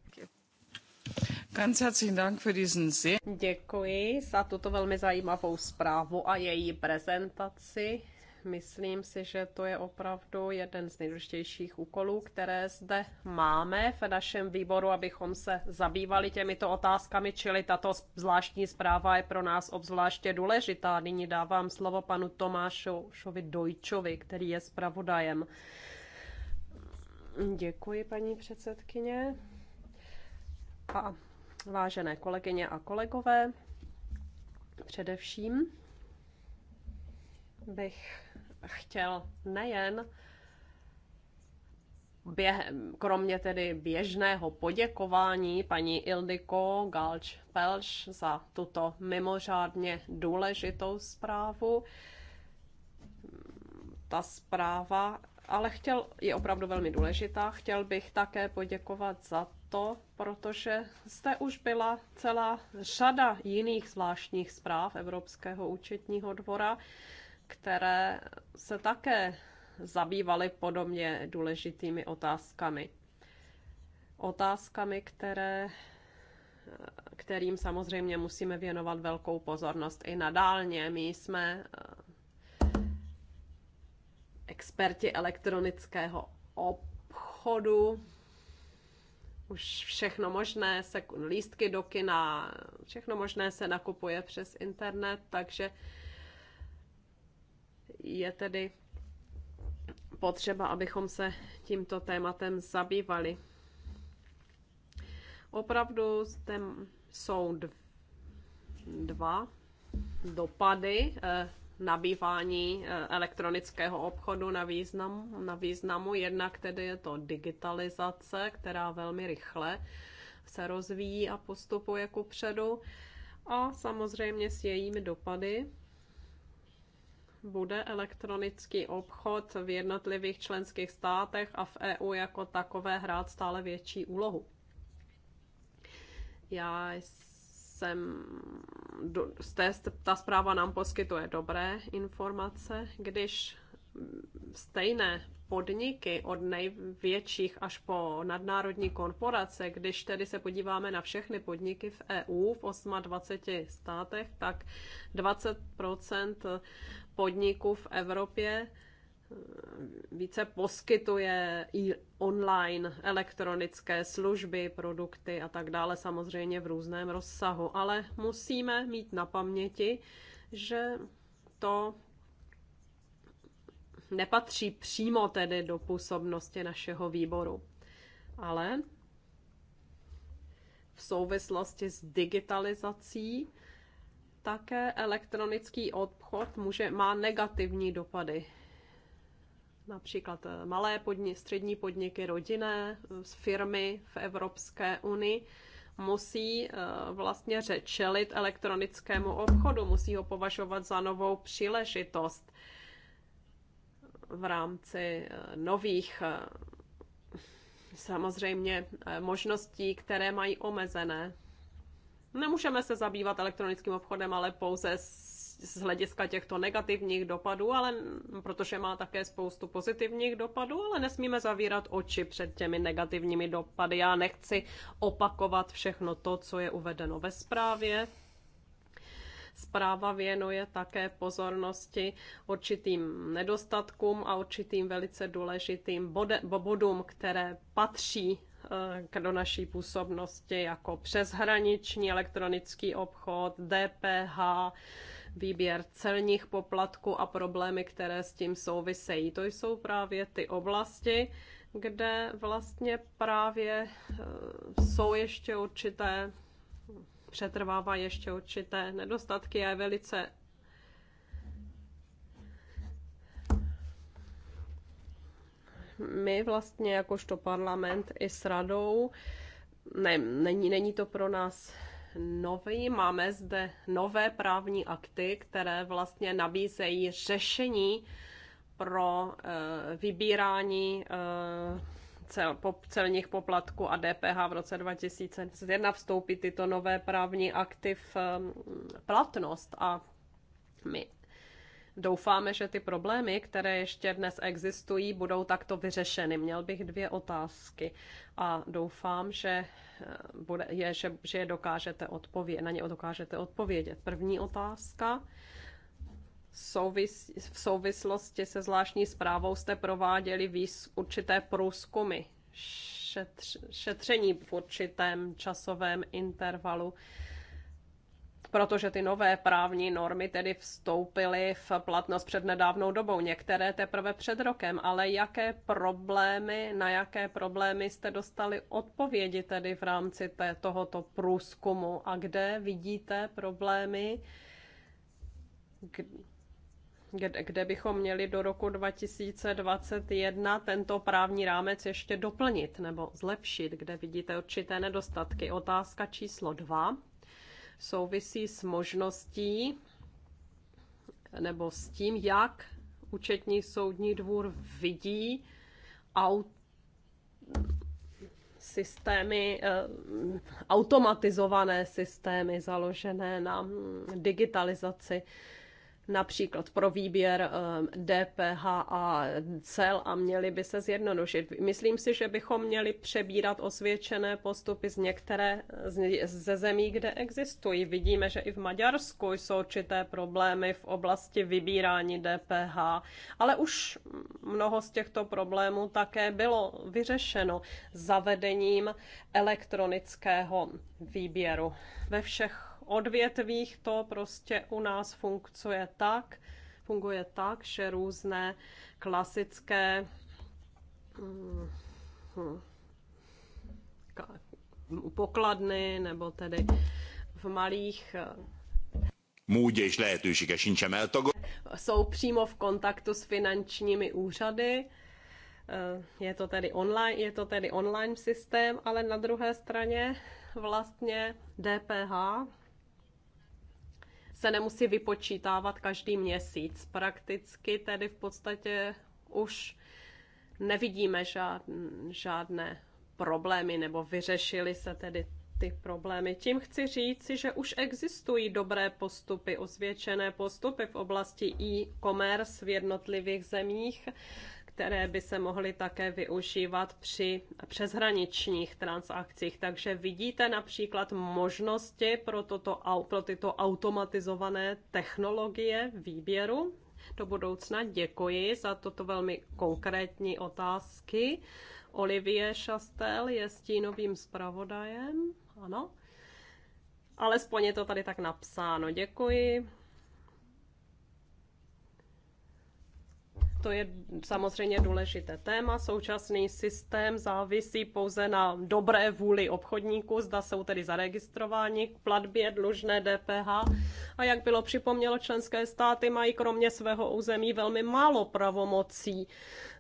Ganz herzlichen Dank für diesen sehr... Děkuji za tuto velmi zajímavou zprávu a její prezentaci. Myslím si, že to je opravdu jeden z nejdůležitějších úkolů, které zde máme v našem výboru, abychom se zabývali těmito otázkami, čili tato zvláštní zpráva je pro nás obzvláště důležitá. Nyní dávám slovo panu Tomášovi Dojčovi, který je zpravodajem. Děkuji, paní předsedkyně. A vážené kolegyně a kolegové, především bych chtěl nejen během, kromě tedy běžného poděkování paní Ildiko Galč Pelš za tuto mimořádně důležitou zprávu. Ta zpráva ale chtěl, je opravdu velmi důležitá. Chtěl bych také poděkovat za to, protože zde už byla celá řada jiných zvláštních zpráv Evropského účetního dvora, které se také zabývaly podobně důležitými otázkami. Otázkami, které, kterým samozřejmě musíme věnovat velkou pozornost i nadálně. My jsme experti elektronického obchodu, už všechno možné, se, lístky do kina, všechno možné se nakupuje přes internet, takže je tedy potřeba, abychom se tímto tématem zabývali. Opravdu jsou dva dopady eh, nabývání eh, elektronického obchodu na významu, na významu. Jednak tedy je to digitalizace, která velmi rychle se rozvíjí a postupuje ku předu. A samozřejmě s jejími dopady bude elektronický obchod v jednotlivých členských státech a v EU jako takové hrát stále větší úlohu. Já jsem do, z té, ta zpráva nám poskytuje dobré informace, když stejné podniky od největších až po nadnárodní korporace, když tedy se podíváme na všechny podniky v EU v 28 státech, tak 20 podniků v Evropě více poskytuje i online elektronické služby, produkty a tak dále, samozřejmě v různém rozsahu. Ale musíme mít na paměti, že to nepatří přímo tedy do působnosti našeho výboru. Ale v souvislosti s digitalizací také elektronický obchod může, má negativní dopady například eh, malé podniky, střední podniky, rodinné, eh, firmy v Evropské unii musí eh, vlastně řečelit elektronickému obchodu, musí ho považovat za novou příležitost v rámci nových samozřejmě možností, které mají omezené. Nemůžeme se zabývat elektronickým obchodem, ale pouze s z hlediska těchto negativních dopadů, ale protože má také spoustu pozitivních dopadů, ale nesmíme zavírat oči před těmi negativními dopady. Já nechci opakovat všechno to, co je uvedeno ve zprávě. Zpráva věnuje také pozornosti určitým nedostatkům a určitým velice důležitým bodům, které patří eh, do naší působnosti jako přeshraniční elektronický obchod, DPH, výběr celních poplatků a problémy, které s tím souvisejí. To jsou právě ty oblasti, kde vlastně právě eh, jsou ještě určité, přetrvává ještě určité nedostatky a je velice my vlastně jakožto parlament i s radou, ne, není, není to pro nás nový, máme zde nové právní akty, které vlastně nabízejí řešení pro eh, vybírání eh, cel, po, celních poplatků a DPH v roce 2021 vstoupí tyto nové právní akty v eh, platnost a my Doufáme, že ty problémy, které ještě dnes existují, budou takto vyřešeny. Měl bych dvě otázky a doufám, že, eh, bude, je, že, že je dokážete odpovědět, na ně dokážete odpovědět. První otázka. Souvis, v souvislosti se zvláštní zprávou jste prováděli výz, určité průzkumy, šetř, šetření v určitém časovém intervalu protože ty nové právní normy tedy vstoupily v platnost před nedávnou dobou, některé teprve před rokem, ale jaké problémy, na jaké problémy jste dostali odpovědi tedy v rámci té, tohoto průzkumu a kde vidíte problémy, kde, kde bychom měli do roku 2021 tento právní rámec ještě doplnit nebo zlepšit, kde vidíte určité nedostatky. Otázka číslo dva souvisí s možností nebo s tím, jak účetní soudní dvůr vidí aut systémy, eh, automatizované systémy založené na digitalizaci například pro výběr ehm, DPH a cel a měly by se zjednodušit. Myslím si, že bychom měli přebírat osvědčené postupy z některé ze zemí, kde existují. Vidíme, že i v Maďarsku jsou určité problémy v oblasti vybírání DPH, ale už mnoho z těchto problémů také bylo vyřešeno zavedením elektronického výběru ve všech odvětvích to prostě u nás funkcuje tak, funguje tak, že různé klasické mm, hm, pokladny nebo tedy v malých Můdě již ke sincsen eltagolni. Jsou přímo v kontaktu s finančními úřady. Eh, je to tedy online, je to tedy online systém, ale na druhé straně vlastně DPH se nemusí vypočítávat každý měsíc. Prakticky tedy v podstatě už nevidíme žádné, problémy nebo vyřešily se tedy ty problémy. Tím chci říci, že už existují dobré postupy, osvědčené postupy v oblasti e-commerce v jednotlivých zemích které by se mohly také využívat při přeshraničních transakcích. Takže vidíte například možnosti pro, toto, pro tyto automatizované technologie výběru do budoucna. Děkuji za toto velmi konkrétní otázky. Olivier Šastel je stínovým zpravodajem. Ano. Alespoň je to tady tak napsáno. Děkuji. to je samozřejmě důležité téma. Současný systém závisí pouze na dobré vůli obchodníků, zda jsou tedy zaregistrováni k platbě dlužné DPH. A jak bylo připomnělo členské státy mají kromě svého území velmi málo pravomocí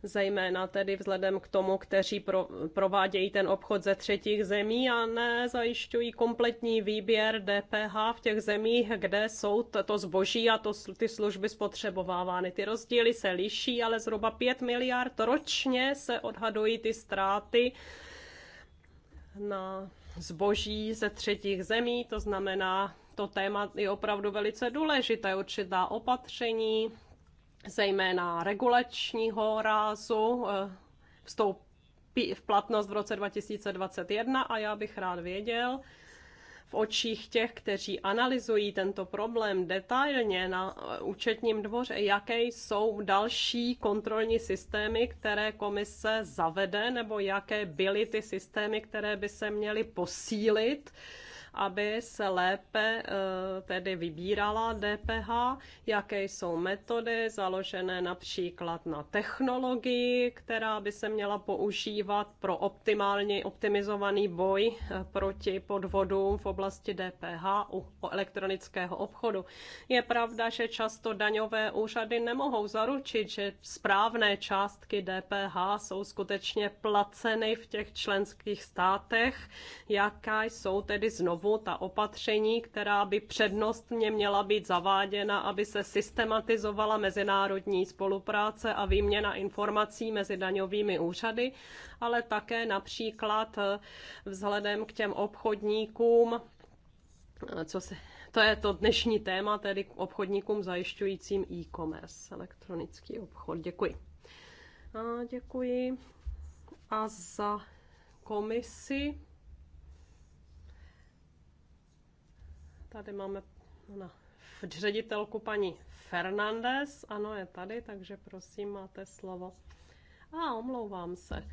zejména tedy vzhledem k tomu, kteří pro, provádějí ten obchod ze třetích zemí a nezajišťují kompletní výběr DPH v těch zemích, kde jsou to zboží a to, ty služby spotřebovávány. Ty rozdíly se liší, ale zhruba 5 miliard ročně se odhadují ty ztráty na zboží ze třetích zemí, to znamená, to téma je opravdu velice důležité, určitá opatření, zejména regulačního rázu, eh, vstoupí v platnost v roce 2021 a já bych rád věděl, v očích těch, kteří analyzují tento problém detailně na eh, účetním dvoře, jaké jsou další kontrolní systémy, které komise zavede, nebo jaké byly ty systémy, které by se měly posílit aby se lépe eh, tedy vybírala DPH, jaké jsou metody založené například na technologii, která by se měla používat pro optimálně optimizovaný boj eh, proti podvodům v oblasti DPH u elektronického obchodu. Je pravda, že často daňové úřady nemohou zaručit, že správné částky DPH jsou skutečně placeny v těch členských státech, jaká jsou tedy znovu hlavu ta opatření, která by přednostně měla být zaváděna, aby se systematizovala mezinárodní spolupráce a výměna informací mezi daňovými úřady, ale také například eh, vzhledem k těm obchodníkům, co se, to je to dnešní téma, tedy k obchodníkům zajišťujícím e-commerce, elektronický obchod. Děkuji. A děkuji. A za komisi Tady máme na ředitelku paní Fernandez. Ano, je tady, takže prosím, máte slovo. A omlouvám se.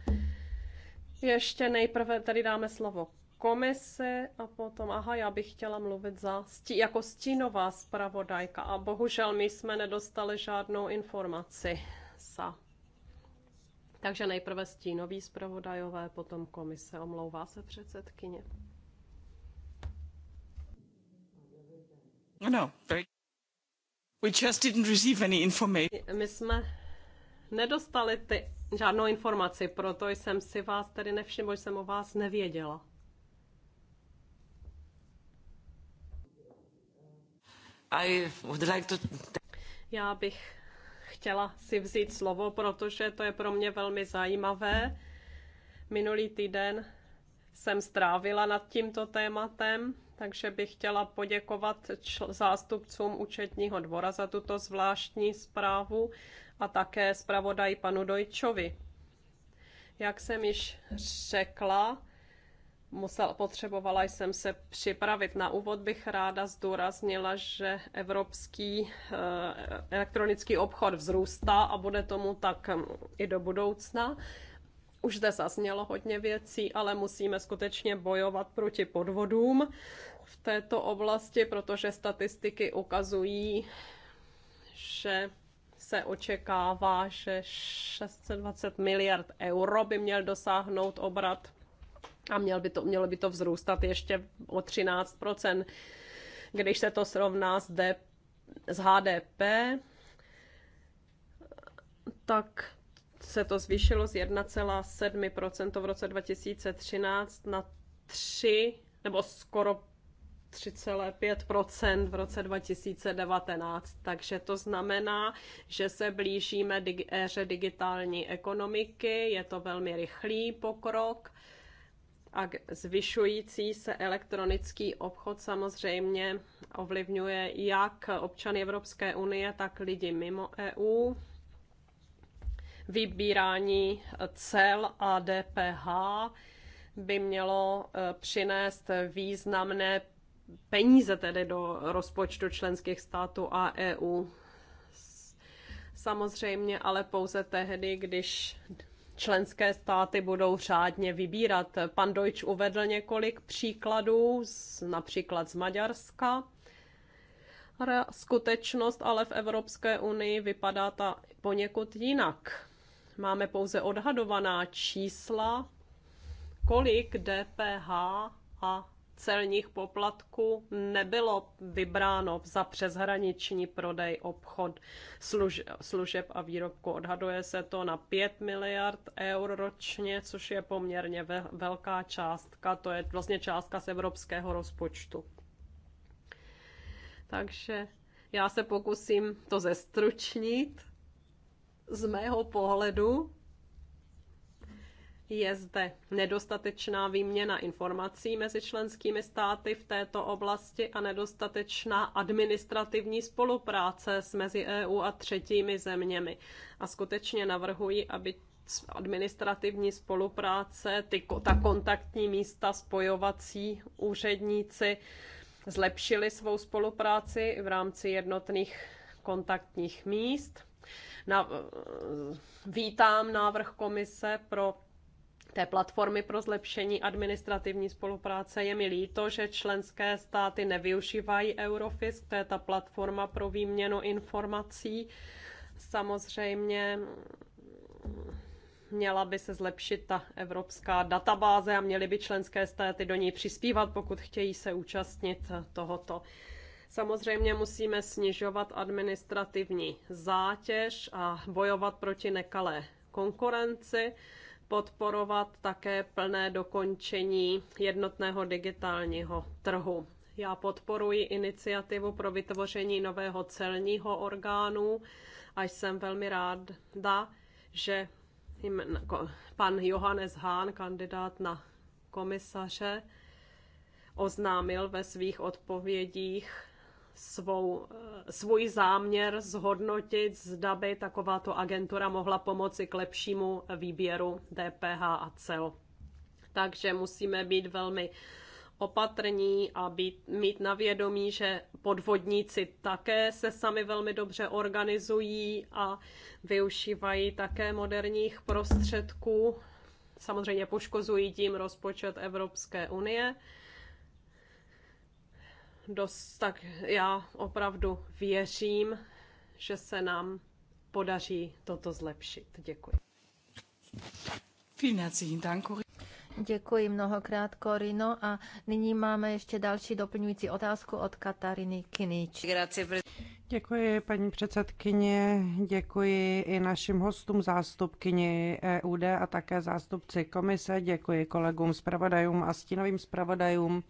Ještě nejprve tady dáme slovo komisi a potom, aha, já bych chtěla mluvit za, jako stínová zpravodajka a bohužel my jsme nedostali žádnou informaci sa. Takže nejprve stínový zpravodajové, potom komise. Omlouvá se předsedkyně. Ano, My jsme nedostali ty, žádnou informaci, proto jsem si vás tedy nevšiml, jsem o vás nevěděla. I would like to... Já bych chtěla si vzít slovo, protože to je pro mě velmi zajímavé. Minulý týden jsem strávila nad tímto tématem takže bych chtěla poděkovat zástupcům účetního dvora za tuto zvláštní zprávu a také zpravodaj panu Dojčovi. Jak jsem již řekla, musel, potřebovala jsem se připravit. Na úvod bych ráda zdůraznila, že evropský eh, elektronický obchod vzrůstá a bude tomu tak hm, i do budoucna. Už zde zaznělo hodně věcí, ale musíme skutečně bojovat proti podvodům v této oblasti, protože statistiky ukazují, že se očekává, že 620 miliard euro by měl dosáhnout obrat a měl by to, mělo by to vzrůstat ještě o 13 když se to srovná s, D, s HDP, tak se to zvýšilo z 1,7% v roce 2013 na 3 nebo skoro 3,5 v roce 2019. Takže to znamená, že se blížíme dig- éře digitální ekonomiky, je to velmi rychlý pokrok a zvyšující se elektronický obchod samozřejmě ovlivňuje jak občany Evropské unie, tak lidi mimo EU. Vybírání cel a DPH by mělo e, přinést významné peníze tedy do rozpočtu členských států a EU. Samozřejmě ale pouze tehdy, když členské státy budou řádně vybírat. Pan Deutsch uvedl několik příkladů, například z Maďarska. Skutečnost ale v Evropské unii vypadá ta poněkud jinak. Máme pouze odhadovaná čísla, kolik DPH a celních poplatků nebylo vybráno za přeshraniční prodej, obchod služeb a výrobku. Odhaduje se to na 5 miliard eur ročně, což je poměrně velká částka. To je vlastně částka z evropského rozpočtu. Takže já se pokusím to zestručnit z mého pohledu je zde nedostatečná výměna informací mezi členskými státy v této oblasti a nedostatečná administrativní spolupráce s mezi EU a třetími zeměmi. A skutečně navrhuji, aby administrativní spolupráce, ty, ta kontaktní místa, spojovací úředníci zlepšili svou spolupráci v rámci jednotných kontaktních míst. Na, vítám návrh komise pro té platformy pro zlepšení administrativní spolupráce. Je mi líto, že členské státy nevyužívají Eurofisk, to je ta platforma pro výměnu informací. Samozřejmě mm, měla by se zlepšit ta evropská databáze a měly by členské státy do ní přispívat, pokud chtějí se účastnit tohoto. Samozřejmě musíme snižovat administrativní zátěž a bojovat proti nekalé konkurenci podporovat také plné dokončení jednotného digitálního trhu. Já podporuji iniciativu pro vytvoření nového celního orgánu a jsem velmi ráda, že pan Johannes Hahn, kandidát na komisaře, oznámil ve svých odpovědích svou, eh, svůj záměr zhodnotit, zda by takováto agentura mohla pomoci k lepšímu výběru DPH a cel. Takže musíme být velmi opatrní a být, mít na vědomí, že podvodníci také se sami velmi dobře organizují a využívají také moderních prostředků. Samozřejmě poškozují tím rozpočet Evropské unie dost, tak já opravdu věřím, že se nám podaří toto zlepšit. Děkuji. Děkuji mnohokrát, Korino. A nyní máme ještě další doplňující otázku od Katariny Kinič. Děkuji, paní předsedkyně. Děkuji i našim hostům, zástupkyni EUD a také zástupci komise. Děkuji kolegům zpravodajům a stínovým zpravodajům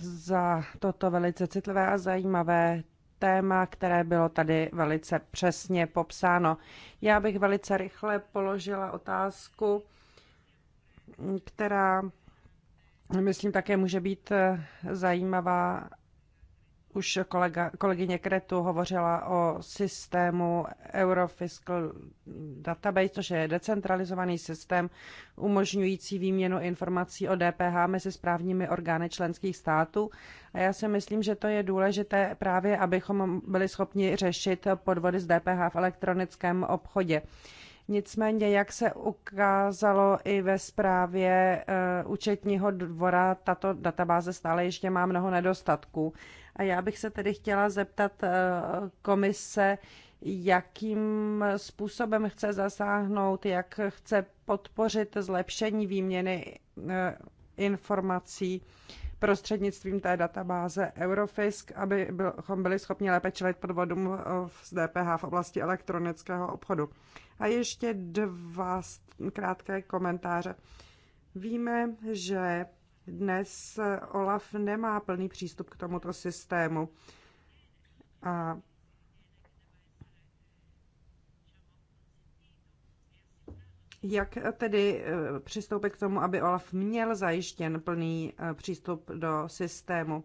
za toto velice citlivé a zajímavé téma, které bylo tady velice přesně popsáno. Já bych velice rychle položila otázku, která myslím také může být zajímavá už kolega, kolegyně Kretu hovořila o systému Eurofiscal Database, což je decentralizovaný systém umožňující výměnu informací o DPH mezi správními orgány členských států. A já si myslím, že to je důležité právě, abychom byli schopni řešit podvody z DPH v elektronickém obchodě. Nicméně, jak se ukázalo i ve zprávě eh, účetního dvora, tato databáze stále ještě má mnoho nedostatků. A já bych se tedy chtěla zeptat eh, komise, jakým způsobem chce zasáhnout, jak chce podpořit zlepšení výměny eh, informací prostřednictvím té databáze Eurofisk, abychom byli schopni lépe čelit podvodům eh, z DPH v oblasti elektronického obchodu. A ještě dva krátké komentáře. Víme, že dnes OLAF nemá plný přístup k tomuto systému. A Jak tedy eh, přistoupit k tomu, aby OLAF měl zajištěn plný eh, přístup do systému?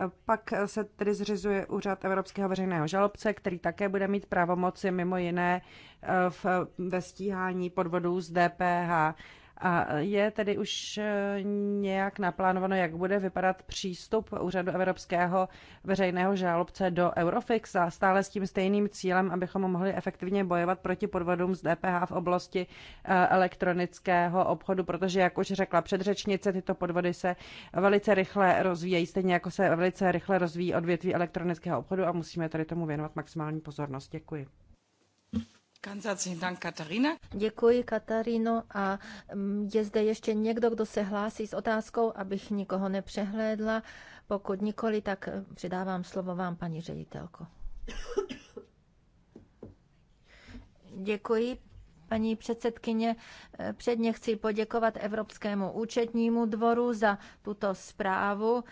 Eh, pak se tedy zřizuje úřad Evropského veřejného žalobce, který také bude mít pravomoci mimo jiné v, ve stíhání podvodů z DPH. A je tedy už eh, nějak naplánováno, jak bude vypadat přístup úřadu Evropského veřejného žálobce do Eurofix a stále s tím stejným cílem, abychom mohli efektivně bojovat proti podvodům z DPH v oblasti eh, elektronického obchodu, protože, jak už řekla předřečnice, tyto podvody se velice rychle rozvíjejí, stejně jako se velice rychle rozvíjí odvětví elektronického obchodu a musíme tady tomu věnovat maximální pozornost. Děkuji. Děkuji, Katarino. A mm, je zde ještě někdo, kdo se hlásí s otázkou, abych nikoho nepřehlédla. Pokud nikoli, tak eh, předávám slovo vám, paní ředitelko. Děkuji, Paní předsedkyně, eh, předně chci poděkovat Evropskému účetnímu dvoru za tuto zprávu,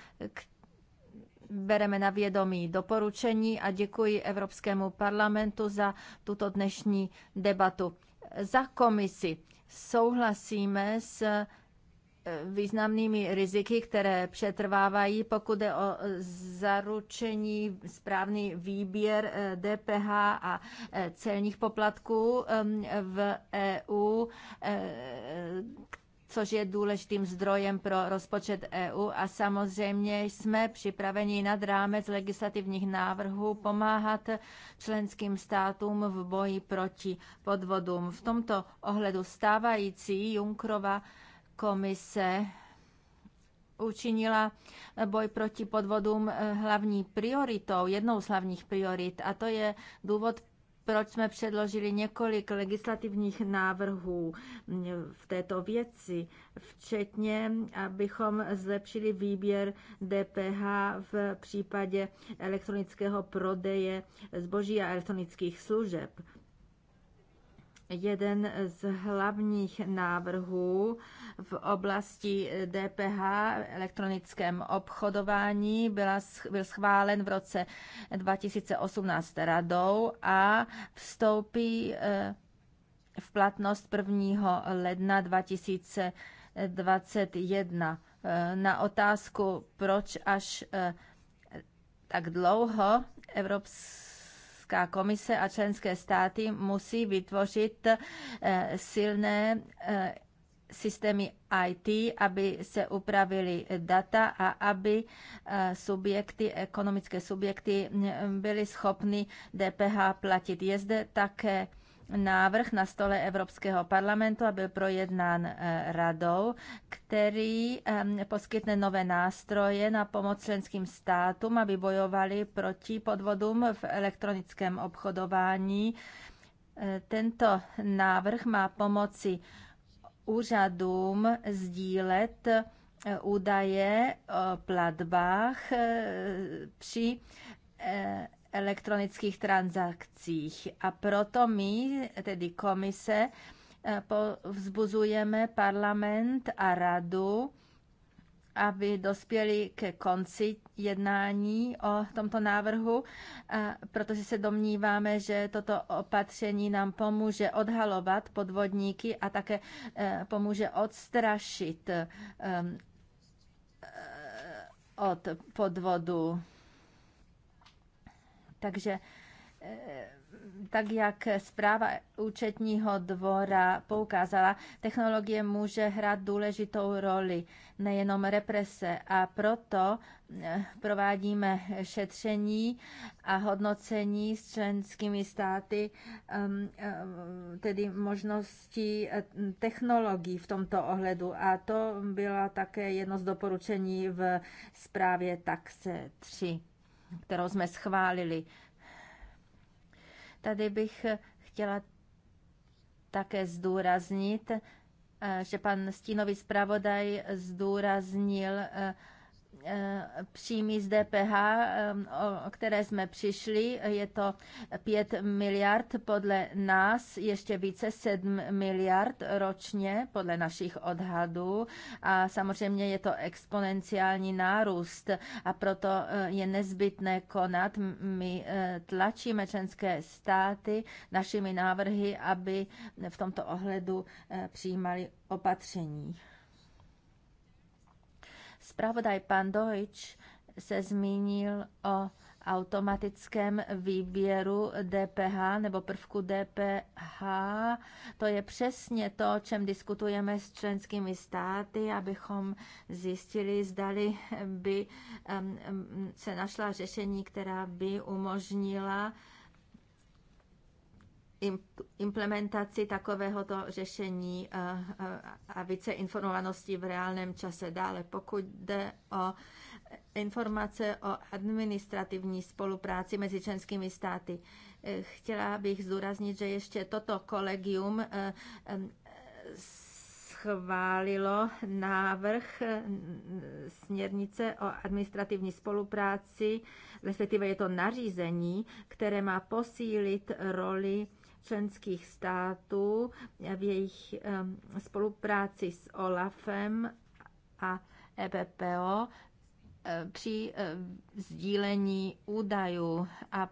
bereme na vědomí doporučení a děkuji Evropskému parlamentu za tuto dnešní debatu. Za komisi souhlasíme s eh, významnými riziky, které přetrvávají, pokud je o zaručení, správný výběr DPH eh, a eh, celních poplatků ehm, v EU, což je důležitým zdrojem pro rozpočet EU a samozřejmě jsme připraveni nad rámec legislativních návrhů pomáhat členským státům v boji proti podvodům. V tomto ohledu stávající Junkrova komise učinila boj proti podvodům hlavní prioritou, jednou z hlavních priorit a to je důvod, proč jsme předložili několik legislativních návrhů v této věci, včetně, abychom zlepšili výběr DPH v případě elektronického prodeje zboží a elektronických služeb jeden z hlavních návrhů v oblasti DPH elektronickém obchodování byla, byl schválen v roce 2018 radou a vstoupí eh, v platnost 1. ledna 2021. Eh, na otázku, proč až eh, tak dlouho Evropská Evropská komise a členské státy musí vytvořit eh, silné eh, systémy IT, aby se upravily data a aby eh, subjekty, ekonomické subjekty mm, byly schopny DPH platit. Je zde také návrh na stole Evropského parlamentu a byl projednán eh, radou, který poskytne nové nástroje na pomoc členským státům, aby bojovali proti podvodům v elektronickém obchodování. Eh, tento návrh má pomoci úřadům sdílet eh, údaje o platbách při elektronických transakcích. A proto my, tedy komise, eh, vzbuzujeme parlament a radu, aby dospěli ke konci jednání o tomto návrhu, eh, protože se domníváme, že toto opatření nám pomůže odhalovat podvodníky a také eh, pomůže odstrašit od podvodu. Takže eh, tak jak správa účetního dvora poukázala, technologie může hrát důležitou roli, nejenom represe. A proto eh, provádíme šetření a hodnocení s členskými státy, tedy možností eh, technologií v tomto ohledu. A to bylo také jedno z doporučení v zprávě Taxe 3 kterou jsme schválili. Tady bych chtěla také zdůraznit, eh, že pan stínový zpravodaj zdůraznil eh, Eh, příjmy z DPH, eh, o které jsme přišli. Je to 5 miliard podle nás, ještě více 7 miliard ročně podle našich odhadů. A samozřejmě je to exponenciální nárůst a proto eh, je nezbytné konat. My tlačíme členské státy našimi návrhy, aby v tomto ohledu přijímali opatření. Spravodaj pan Deutsch se zmínil o automatickém výběru DPH nebo prvku DPH. To je přesně to, o čem diskutujeme s členskými státy, abychom zjistili, zdali by se našla řešení, která by umožnila implementaci takovéhoto řešení eh, eh, a více informovanosti v reálném čase. Dále, pokud jde o informace o administrativní spolupráci mezi členskými státy, eh, chtěla bych zdůraznit, že ještě toto kolegium schválilo návrh směrnice o administrativní spolupráci, respektive je to nařízení, které má posílit roli členských států v jejich spolupráci s OLAFem a EPPO při sdílení údajů a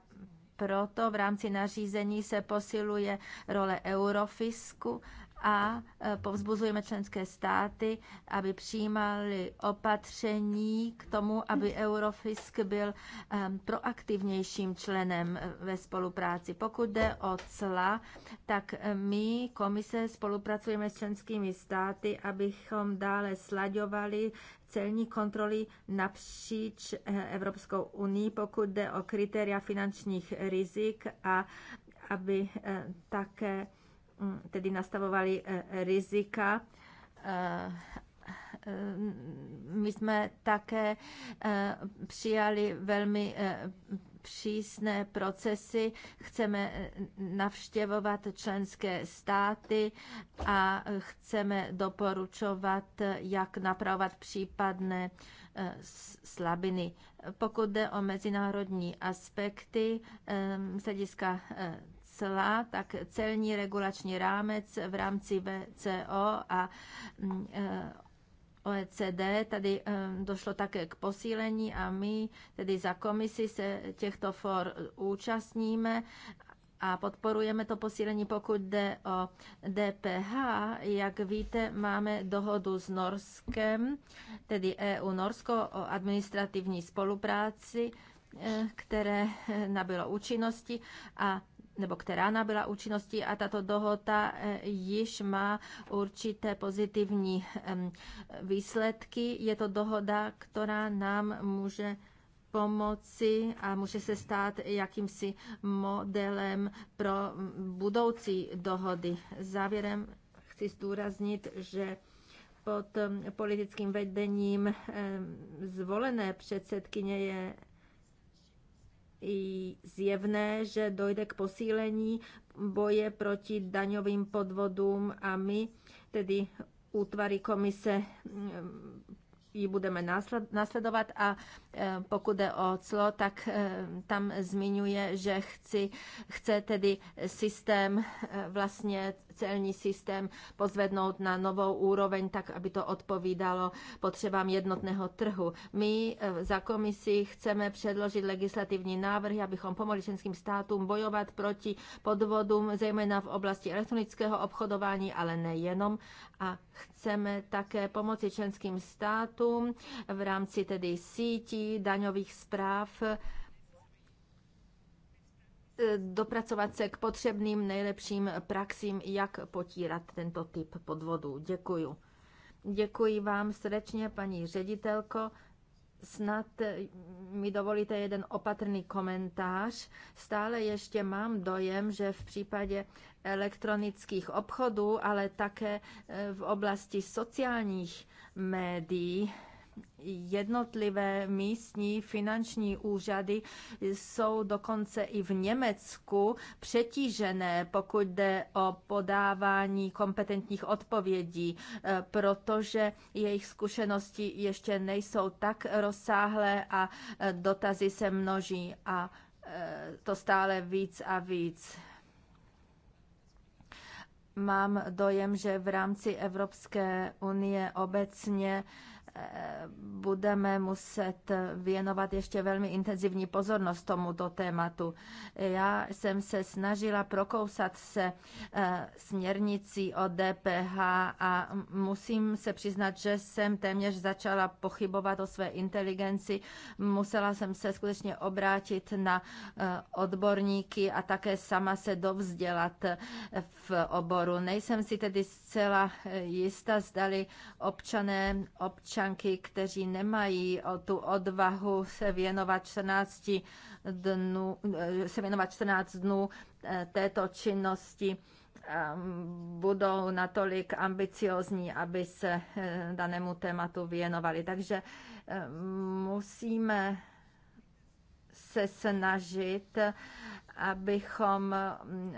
proto v rámci nařízení se posiluje role Eurofisku a e, povzbuzujeme členské státy, aby přijímali opatření k tomu, aby Eurofisk byl e, proaktivnějším členem e, ve spolupráci. Pokud jde o cla, tak my, komise, spolupracujeme s členskými státy, abychom dále slaďovali celní kontroly napříč Evropskou unii, pokud jde o kritéria finančních rizik a aby také Mm, tedy nastavovali eh, rizika eh, eh, my jsme také přijali velmi přísné procesy. Chceme navštěvovat členské státy a chceme doporučovat, jak napravovat případné slabiny. Pokud jde o mezinárodní aspekty z hlediska cla, tak celní regulační rámec v rámci VCO a mm, eh, OECD, tady eh, došlo také k posílení a my tedy za komisi se těchto for účastníme a podporujeme to posílení, pokud jde o DPH. Jak víte, máme dohodu s Norskem, tedy EU Norsko o administrativní spolupráci, eh, které nabylo účinnosti a nebo která nabyla účinnosti a tato dohoda eh, již má určité pozitivní výsledky. Je to dohoda, která nám může pomoci a může se stát jakýmsi modelem pro budoucí dohody. Závěrem chci zdůraznit, že pod politickým vedením zvolené předsedkyně je zjevné, že dojde k posílení boje proti daňovým podvodům a my, tedy útvary komise, mm, ji budeme následovat a Eh, pokud jde o clo, tak eh, tam zmiňuje, že chci, chce tedy systém, eh, vlastně celní systém pozvednout na novou úroveň, tak aby to odpovídalo potřebám jednotného trhu. My za komisi chceme předložit legislativní návrhy, abychom pomohli členským státům bojovat proti podvodům, zejména v oblasti elektronického obchodování, ale nejenom. A chceme také pomoci členským státům v rámci tedy sítí daňových zpráv, e, dopracovat se k potřebným nejlepším praxím, jak potírat tento typ podvodů. děkuji Děkuji vám srdečně, paní ředitelko. Snad e, mi dovolíte jeden opatrný komentář. Stále ještě mám dojem, že v případě elektronických obchodů, ale také e, v oblasti sociálních médií, jednotlivé místní finanční úřady jsou dokonce i v Německu přetížené, pokud jde o podávání kompetentních odpovědí, eh, protože jejich zkušenosti ještě nejsou tak rozsáhlé a eh, dotazy se množí a eh, to stále víc a víc mám dojem, že v rámci Evropské unie obecně budeme muset věnovat ještě velmi intenzivní pozornost tomuto tématu. Já jsem se snažila prokousat se eh, směrnicí o DPH a musím se přiznat, že jsem téměř začala pochybovat o své inteligenci. Musela jsem se skutečně obrátit na eh, odborníky a také sama se dovzdělat eh, v oboru. Nejsem si tedy zcela jista, zdali občané, občané občanky, kteří nemají tu odvahu se věnovat 14 dnů, eh, se věnovat 14 dnů eh, této činnosti, eh, budou natolik ambiciozní, aby se danému tématu věnovali. Takže musíme se snažit, abychom mm,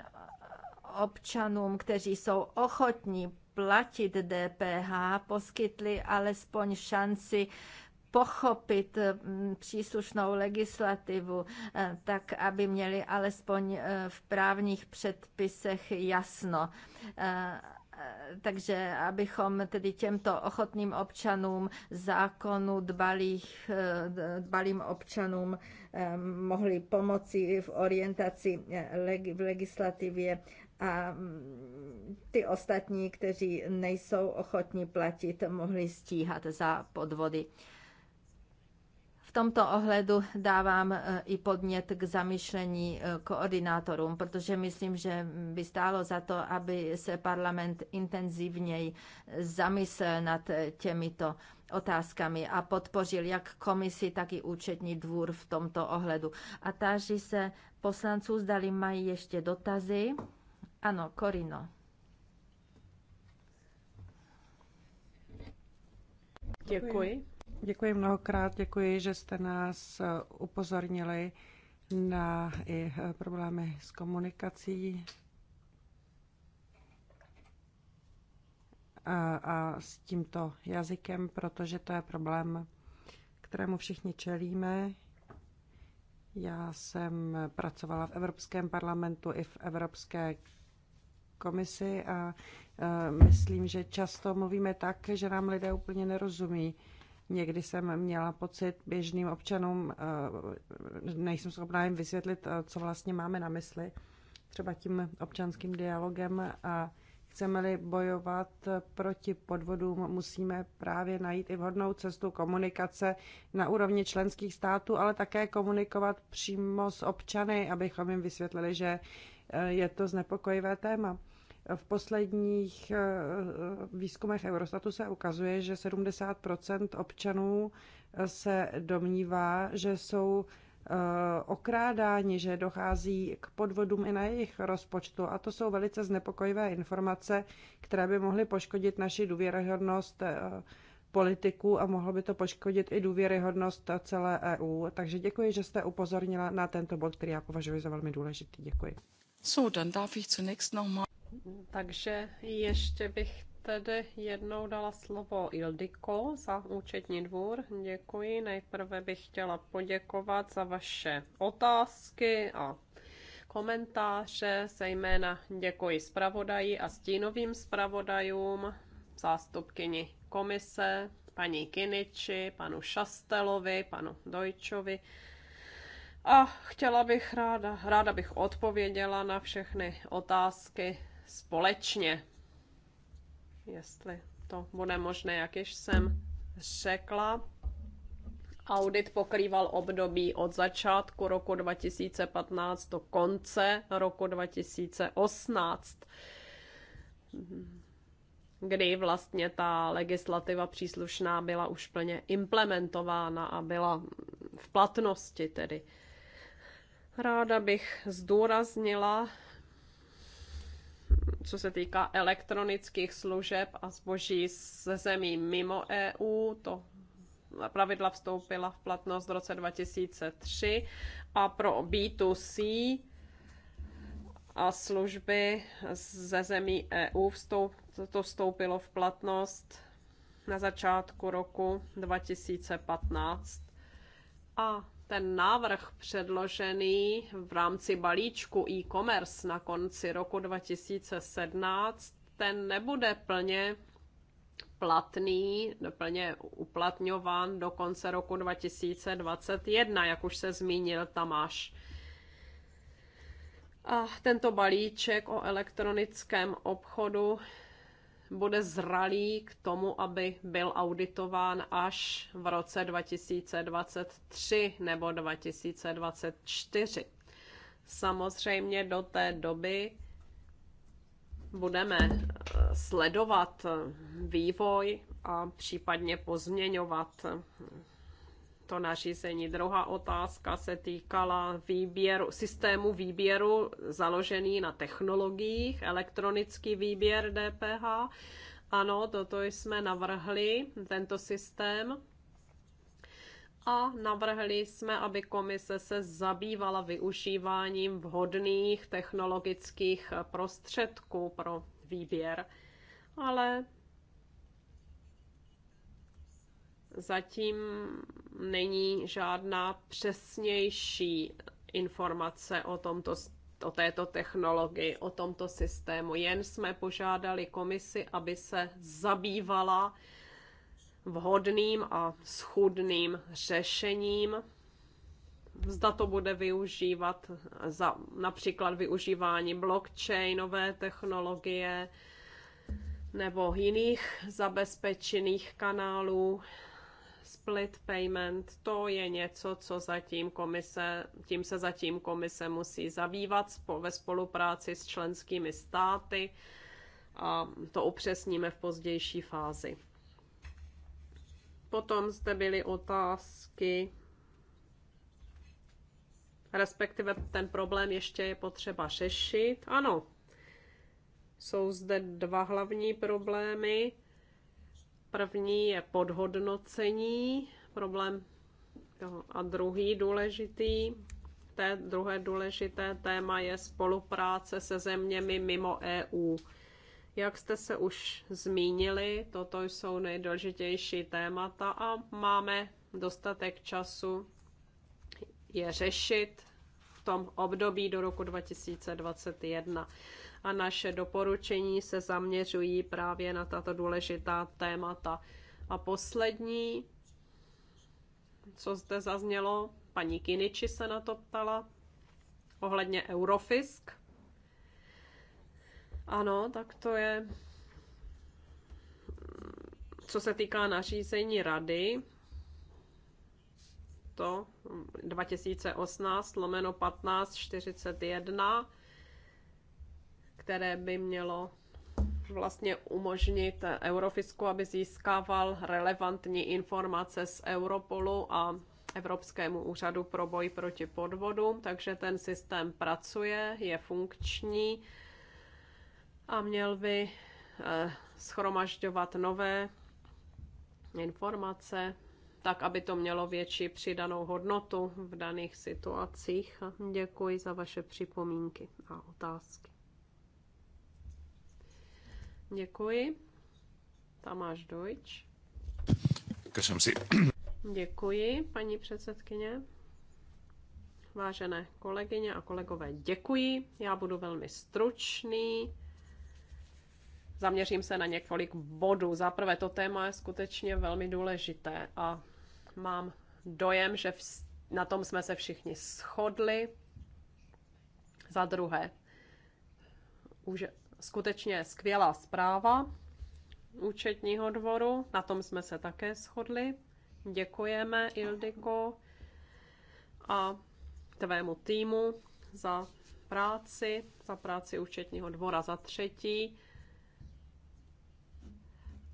občanům, kteří jsou ochotní platit DPH, poskytli alespoň šanci pochopit eh, příslušnou legislativu, eh, tak aby měli alespoň eh, v právních předpisech jasno. Takže abychom tedy těmto ochotným občanům zákonu, dbalých, dbalým občanům mohli pomoci v orientaci v legislativě a mm, ty ostatní, kteří nejsou ochotní platit, mohli stíhat za podvody. V tomto ohledu dávám e, i podnět k zamišlení e, koordinátorům, protože myslím, že by stálo za to, aby se parlament intenzivněji zamyslel nad e, těmito otázkami a podpořil jak komisi, tak i účetní dvůr v tomto ohledu. A táží se poslanců, zdali mají ještě dotazy. Ano, Korino. Děkuji. Děkuji mnohokrát, děkuji, že jste nás eh, upozornili na i eh, problémy s komunikací a, a s tímto jazykem, protože to je problém, kterému všichni čelíme. Já jsem pracovala v Evropském parlamentu i v Evropské komisi a myslím, že často mluvíme tak, že nám lidé úplně nerozumí. Někdy jsem měla pocit běžným občanům, nejsem schopná jim vysvětlit, co vlastně máme na mysli, třeba tím občanským dialogem a chceme-li bojovat proti podvodům, musíme právě najít i vhodnou cestu komunikace na úrovni členských států, ale také komunikovat přímo s občany, abychom jim vysvětlili, že e, je to znepokojivé téma. V posledních eh, výzkumech Eurostatu se ukazuje, že 70 občanů eh, se domnívá, že jsou eh, okrádáni, že dochází k podvodům i na jejich rozpočtu. A to jsou velice znepokojivé informace, které by mohly poškodit naši důvěryhodnost politiků a mohlo by to poškodit i důvěryhodnost celé EU. Takže děkuji, že jste upozornila na tento bod, který já považuji za velmi důležitý. Děkuji. So, dann darf ich zunächst noch mal... Takže ještě bych tedy jednou dala slovo Ildiko za účetní dvůr. Děkuji. Nejprve bych chtěla poděkovat za vaše otázky a komentáře. Zejména děkuji zpravodaji a stínovým zpravodajům, zástupkyni komise, paní Kiniči, panu Šastelovi, panu Dojčovi. A chtěla bych ráda, ráda bych odpověděla na všechny otázky společně. Jestli to bude možné, jak již jsem řekla. Audit pokrýval období od začátku roku 2015 do konce roku 2018 kdy vlastně ta legislativa příslušná byla už plně implementována a byla v platnosti tedy. Ráda bych zdůraznila, co se týká elektronických služeb a zboží ze zemí mimo EU, to pravidla vstoupila v platnost v roce 2003 a pro B2C a služby ze zemí EU vstoup, to vstoupilo v platnost na začátku roku 2015. A ten návrh předložený v rámci balíčku e-commerce na konci roku 2017, ten nebude plně platný, plně uplatňován do konce roku 2021, jak už se zmínil Tamáš. A tento balíček o elektronickém obchodu bude zralý k tomu, aby byl auditován až v roce 2023 nebo 2024. Samozřejmě do té doby budeme eh, sledovat eh, vývoj a případně pozměňovat eh, to nařízení. Druhá otázka se týkala výběru, systému výběru založený na technologiích, elektronický výběr DPH. Ano, toto jsme navrhli, tento systém. A navrhli jsme, aby komise se zabývala využíváním vhodných technologických prostředků pro výběr. Ale Zatím není žádná přesnější informace o tomto o této technologii, o tomto systému. Jen jsme požádali komisi, aby se zabývala vhodným a schudným řešením. Zda to bude využívat za například využívání blockchainové technologie nebo jiných zabezpečených kanálů split payment, to je něco, co zatím komise, tím se zatím komise musí zabývat ve spolupráci s členskými státy a to upřesníme v pozdější fázi. Potom zde byly otázky, respektive ten problém ještě je potřeba řešit. Ano, jsou zde dva hlavní problémy První je podhodnocení, problém toho. A druhý důležitý, té, druhé důležité téma je spolupráce se zeměmi mimo EU. Jak jste se už zmínili, toto jsou nejdůležitější témata a máme dostatek času je řešit v tom období do roku 2021 a naše doporučení se zaměřují právě na tato důležitá témata. A poslední, co zde zaznělo, paní Kiniči se na to ptala, ohledně Eurofisk. Ano, tak to je, co se týká nařízení rady, to 2018 lomeno 1541 které by mělo vlastně umožnit Eurofisku, aby získával relevantní informace z Europolu a Evropskému úřadu pro boj proti podvodům, takže ten systém pracuje, je funkční a měl by eh, schromažďovat nové informace, tak aby to mělo větší přidanou hodnotu v daných situacích. Děkuji za vaše připomínky a otázky. Děkuji. Tamáš Dojč. Kašem si. Děkuji, paní předsedkyně. Vážené kolegyně a kolegové, děkuji. Já budu velmi stručný. Zaměřím se na několik bodů. Za prvé, to téma je skutečně velmi důležité a mám dojem, že na tom jsme se všichni shodli. Za druhé, už skutečně skvělá zpráva účetního dvoru, na tom jsme se také shodli. Děkujeme, Ildiko, a tvému týmu za práci, za práci účetního dvora za třetí.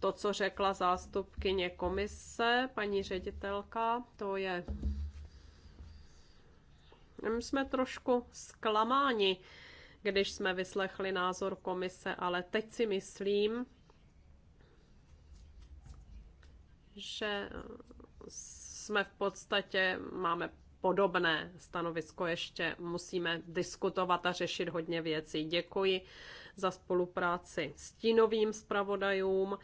To, co řekla zástupkyně komise, paní ředitelka, to je... My jsme trošku zklamáni, když jsme vyslechli názor komise, ale teď si myslím, že jsme v podstatě, máme podobné stanovisko, ještě musíme diskutovat a řešit hodně věcí. Děkuji za spolupráci s tínovým zpravodajům,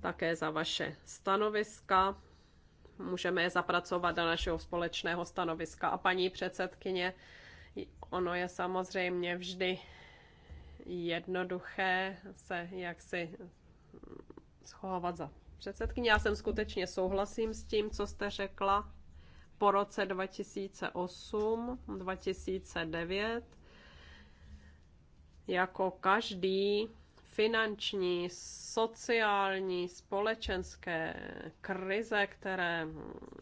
také za vaše stanoviska. Můžeme je zapracovat do našeho společného stanoviska. A paní předsedkyně, Ono je samozřejmě vždy jednoduché se jaksi schovat za předsedkyně. Já jsem skutečně souhlasím s tím, co jste řekla po roce 2008, 2009. Jako každý finanční, sociální, společenské krize, které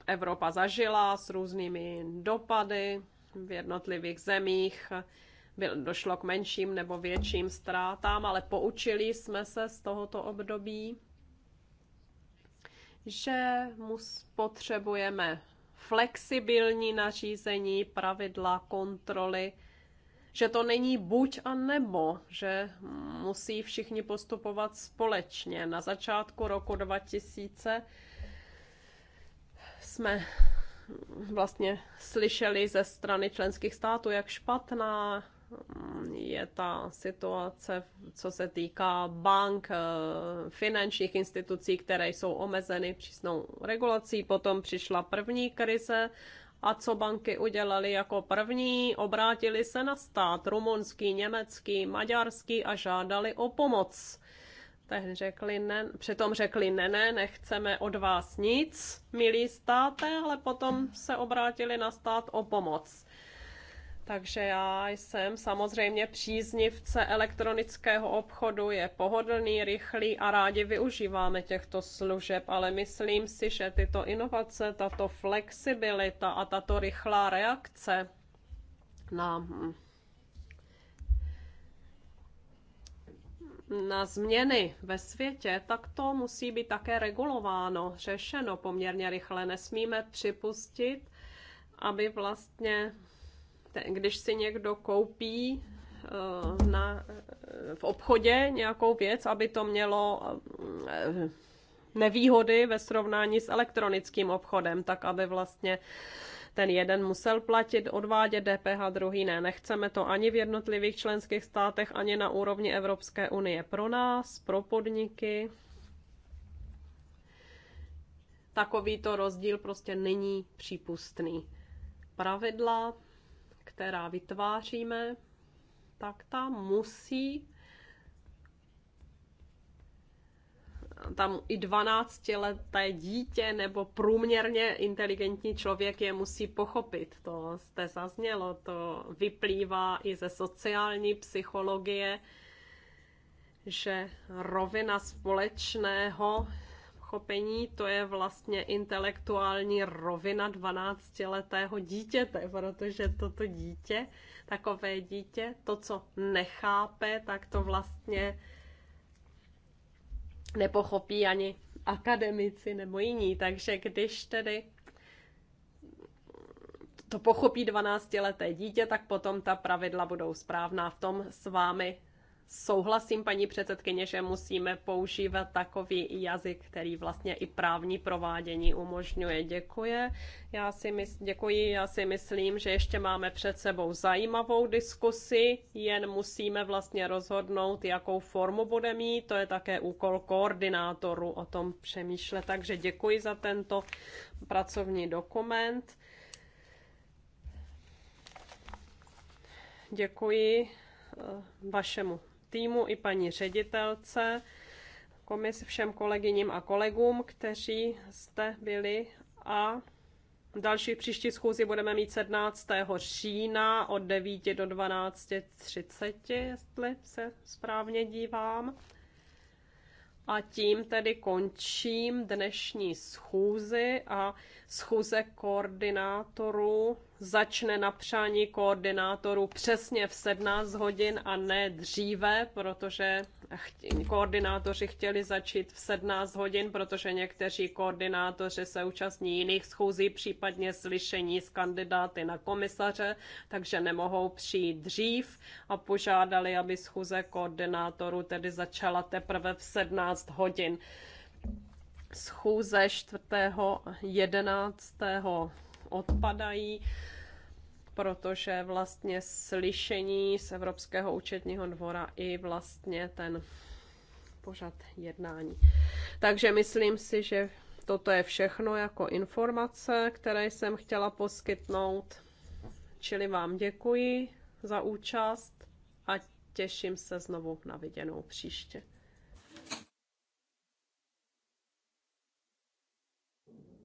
Evropa zažila s různými dopady, v jednotlivých zemích byl, došlo k menším nebo větším ztrátám, ale poučili jsme se z tohoto období, že mus, potřebujeme flexibilní nařízení, pravidla, kontroly, že to není buď a nebo, že musí všichni postupovat společně. Na začátku roku 2000 jsme vlastně slyšeli ze strany členských států, jak špatná je ta situace, co se týká bank, eh, finančních institucí, které jsou omezeny přísnou regulací. Potom přišla první krize a co banky udělali jako první? Obrátili se na stát rumunský, německý, maďarský a žádali o pomoc tehdy řekli ne, přitom řekli ne, ne, nechceme od vás nic, milí státe, ale potom se obrátili na stát o pomoc. Takže já jsem samozřejmě příznivce elektronického obchodu, je pohodlný, rychlý a rádi využíváme těchto služeb, ale myslím si, že tyto inovace, tato flexibilita a tato rychlá reakce na hm, na změny ve světě, tak to musí být také regulováno, řešeno poměrně rychle. Nesmíme připustit, aby vlastně, když si někdo koupí eh, na, v obchodě nějakou věc, aby to mělo eh, nevýhody ve srovnání s elektronickým obchodem, tak aby vlastně ten jeden musel platit, odvádět DPH, druhý ne. Nechceme to ani v jednotlivých členských státech, ani na úrovni Evropské unie. Pro nás, pro podniky, takovýto rozdíl prostě není přípustný. Pravidla, která vytváříme, tak ta musí tam i 12-leté dítě nebo průměrně inteligentní člověk je musí pochopit. To jste zaznělo, to vyplývá i ze sociální psychologie, že rovina společného pochopení, to je vlastně intelektuální rovina 12-letého dítěte, protože toto dítě, takové dítě, to, co nechápe, tak to vlastně nepochopí ani akademici nebo jiní. Takže když tedy to pochopí 12-leté dítě, tak potom ta pravidla budou správná. V tom s vámi Souhlasím, paní předsedkyně, že musíme používat takový jazyk, který vlastně i právní provádění umožňuje. Děkuji. Já si mysl, děkuji. Já si myslím, že ještě máme před sebou zajímavou diskusi, jen musíme vlastně rozhodnout, jakou formu bude mít. To je také úkol koordinátoru o tom přemýšlet. Takže děkuji za tento pracovní dokument. Děkuji eh, vašemu týmu i paní ředitelce, komis všem kolegyním a kolegům, kteří jste byli a další příští schůzi budeme mít 17. října od 9 do 12.30, jestli se správně dívám. A tím tedy končím dnešní schůzi a schůze koordinátorů začne na přání koordinátorů přesně v 17 hodin a ne dříve, protože koordinátoři chtěli začít v 17 hodin, protože někteří koordinátoři se účastní jiných schůzí, případně slyšení s kandidáty na komisaře, takže nemohou přijít dřív a požádali, aby schůze koordinátorů tedy začala teprve v 17 hodin. Schůze 4. 11 odpadají protože vlastně slyšení z Evropského účetního dvora i vlastně ten pořad jednání. Takže myslím si, že toto je všechno jako informace, které jsem chtěla poskytnout. Čili vám děkuji za účast a těším se znovu na viděnou příště.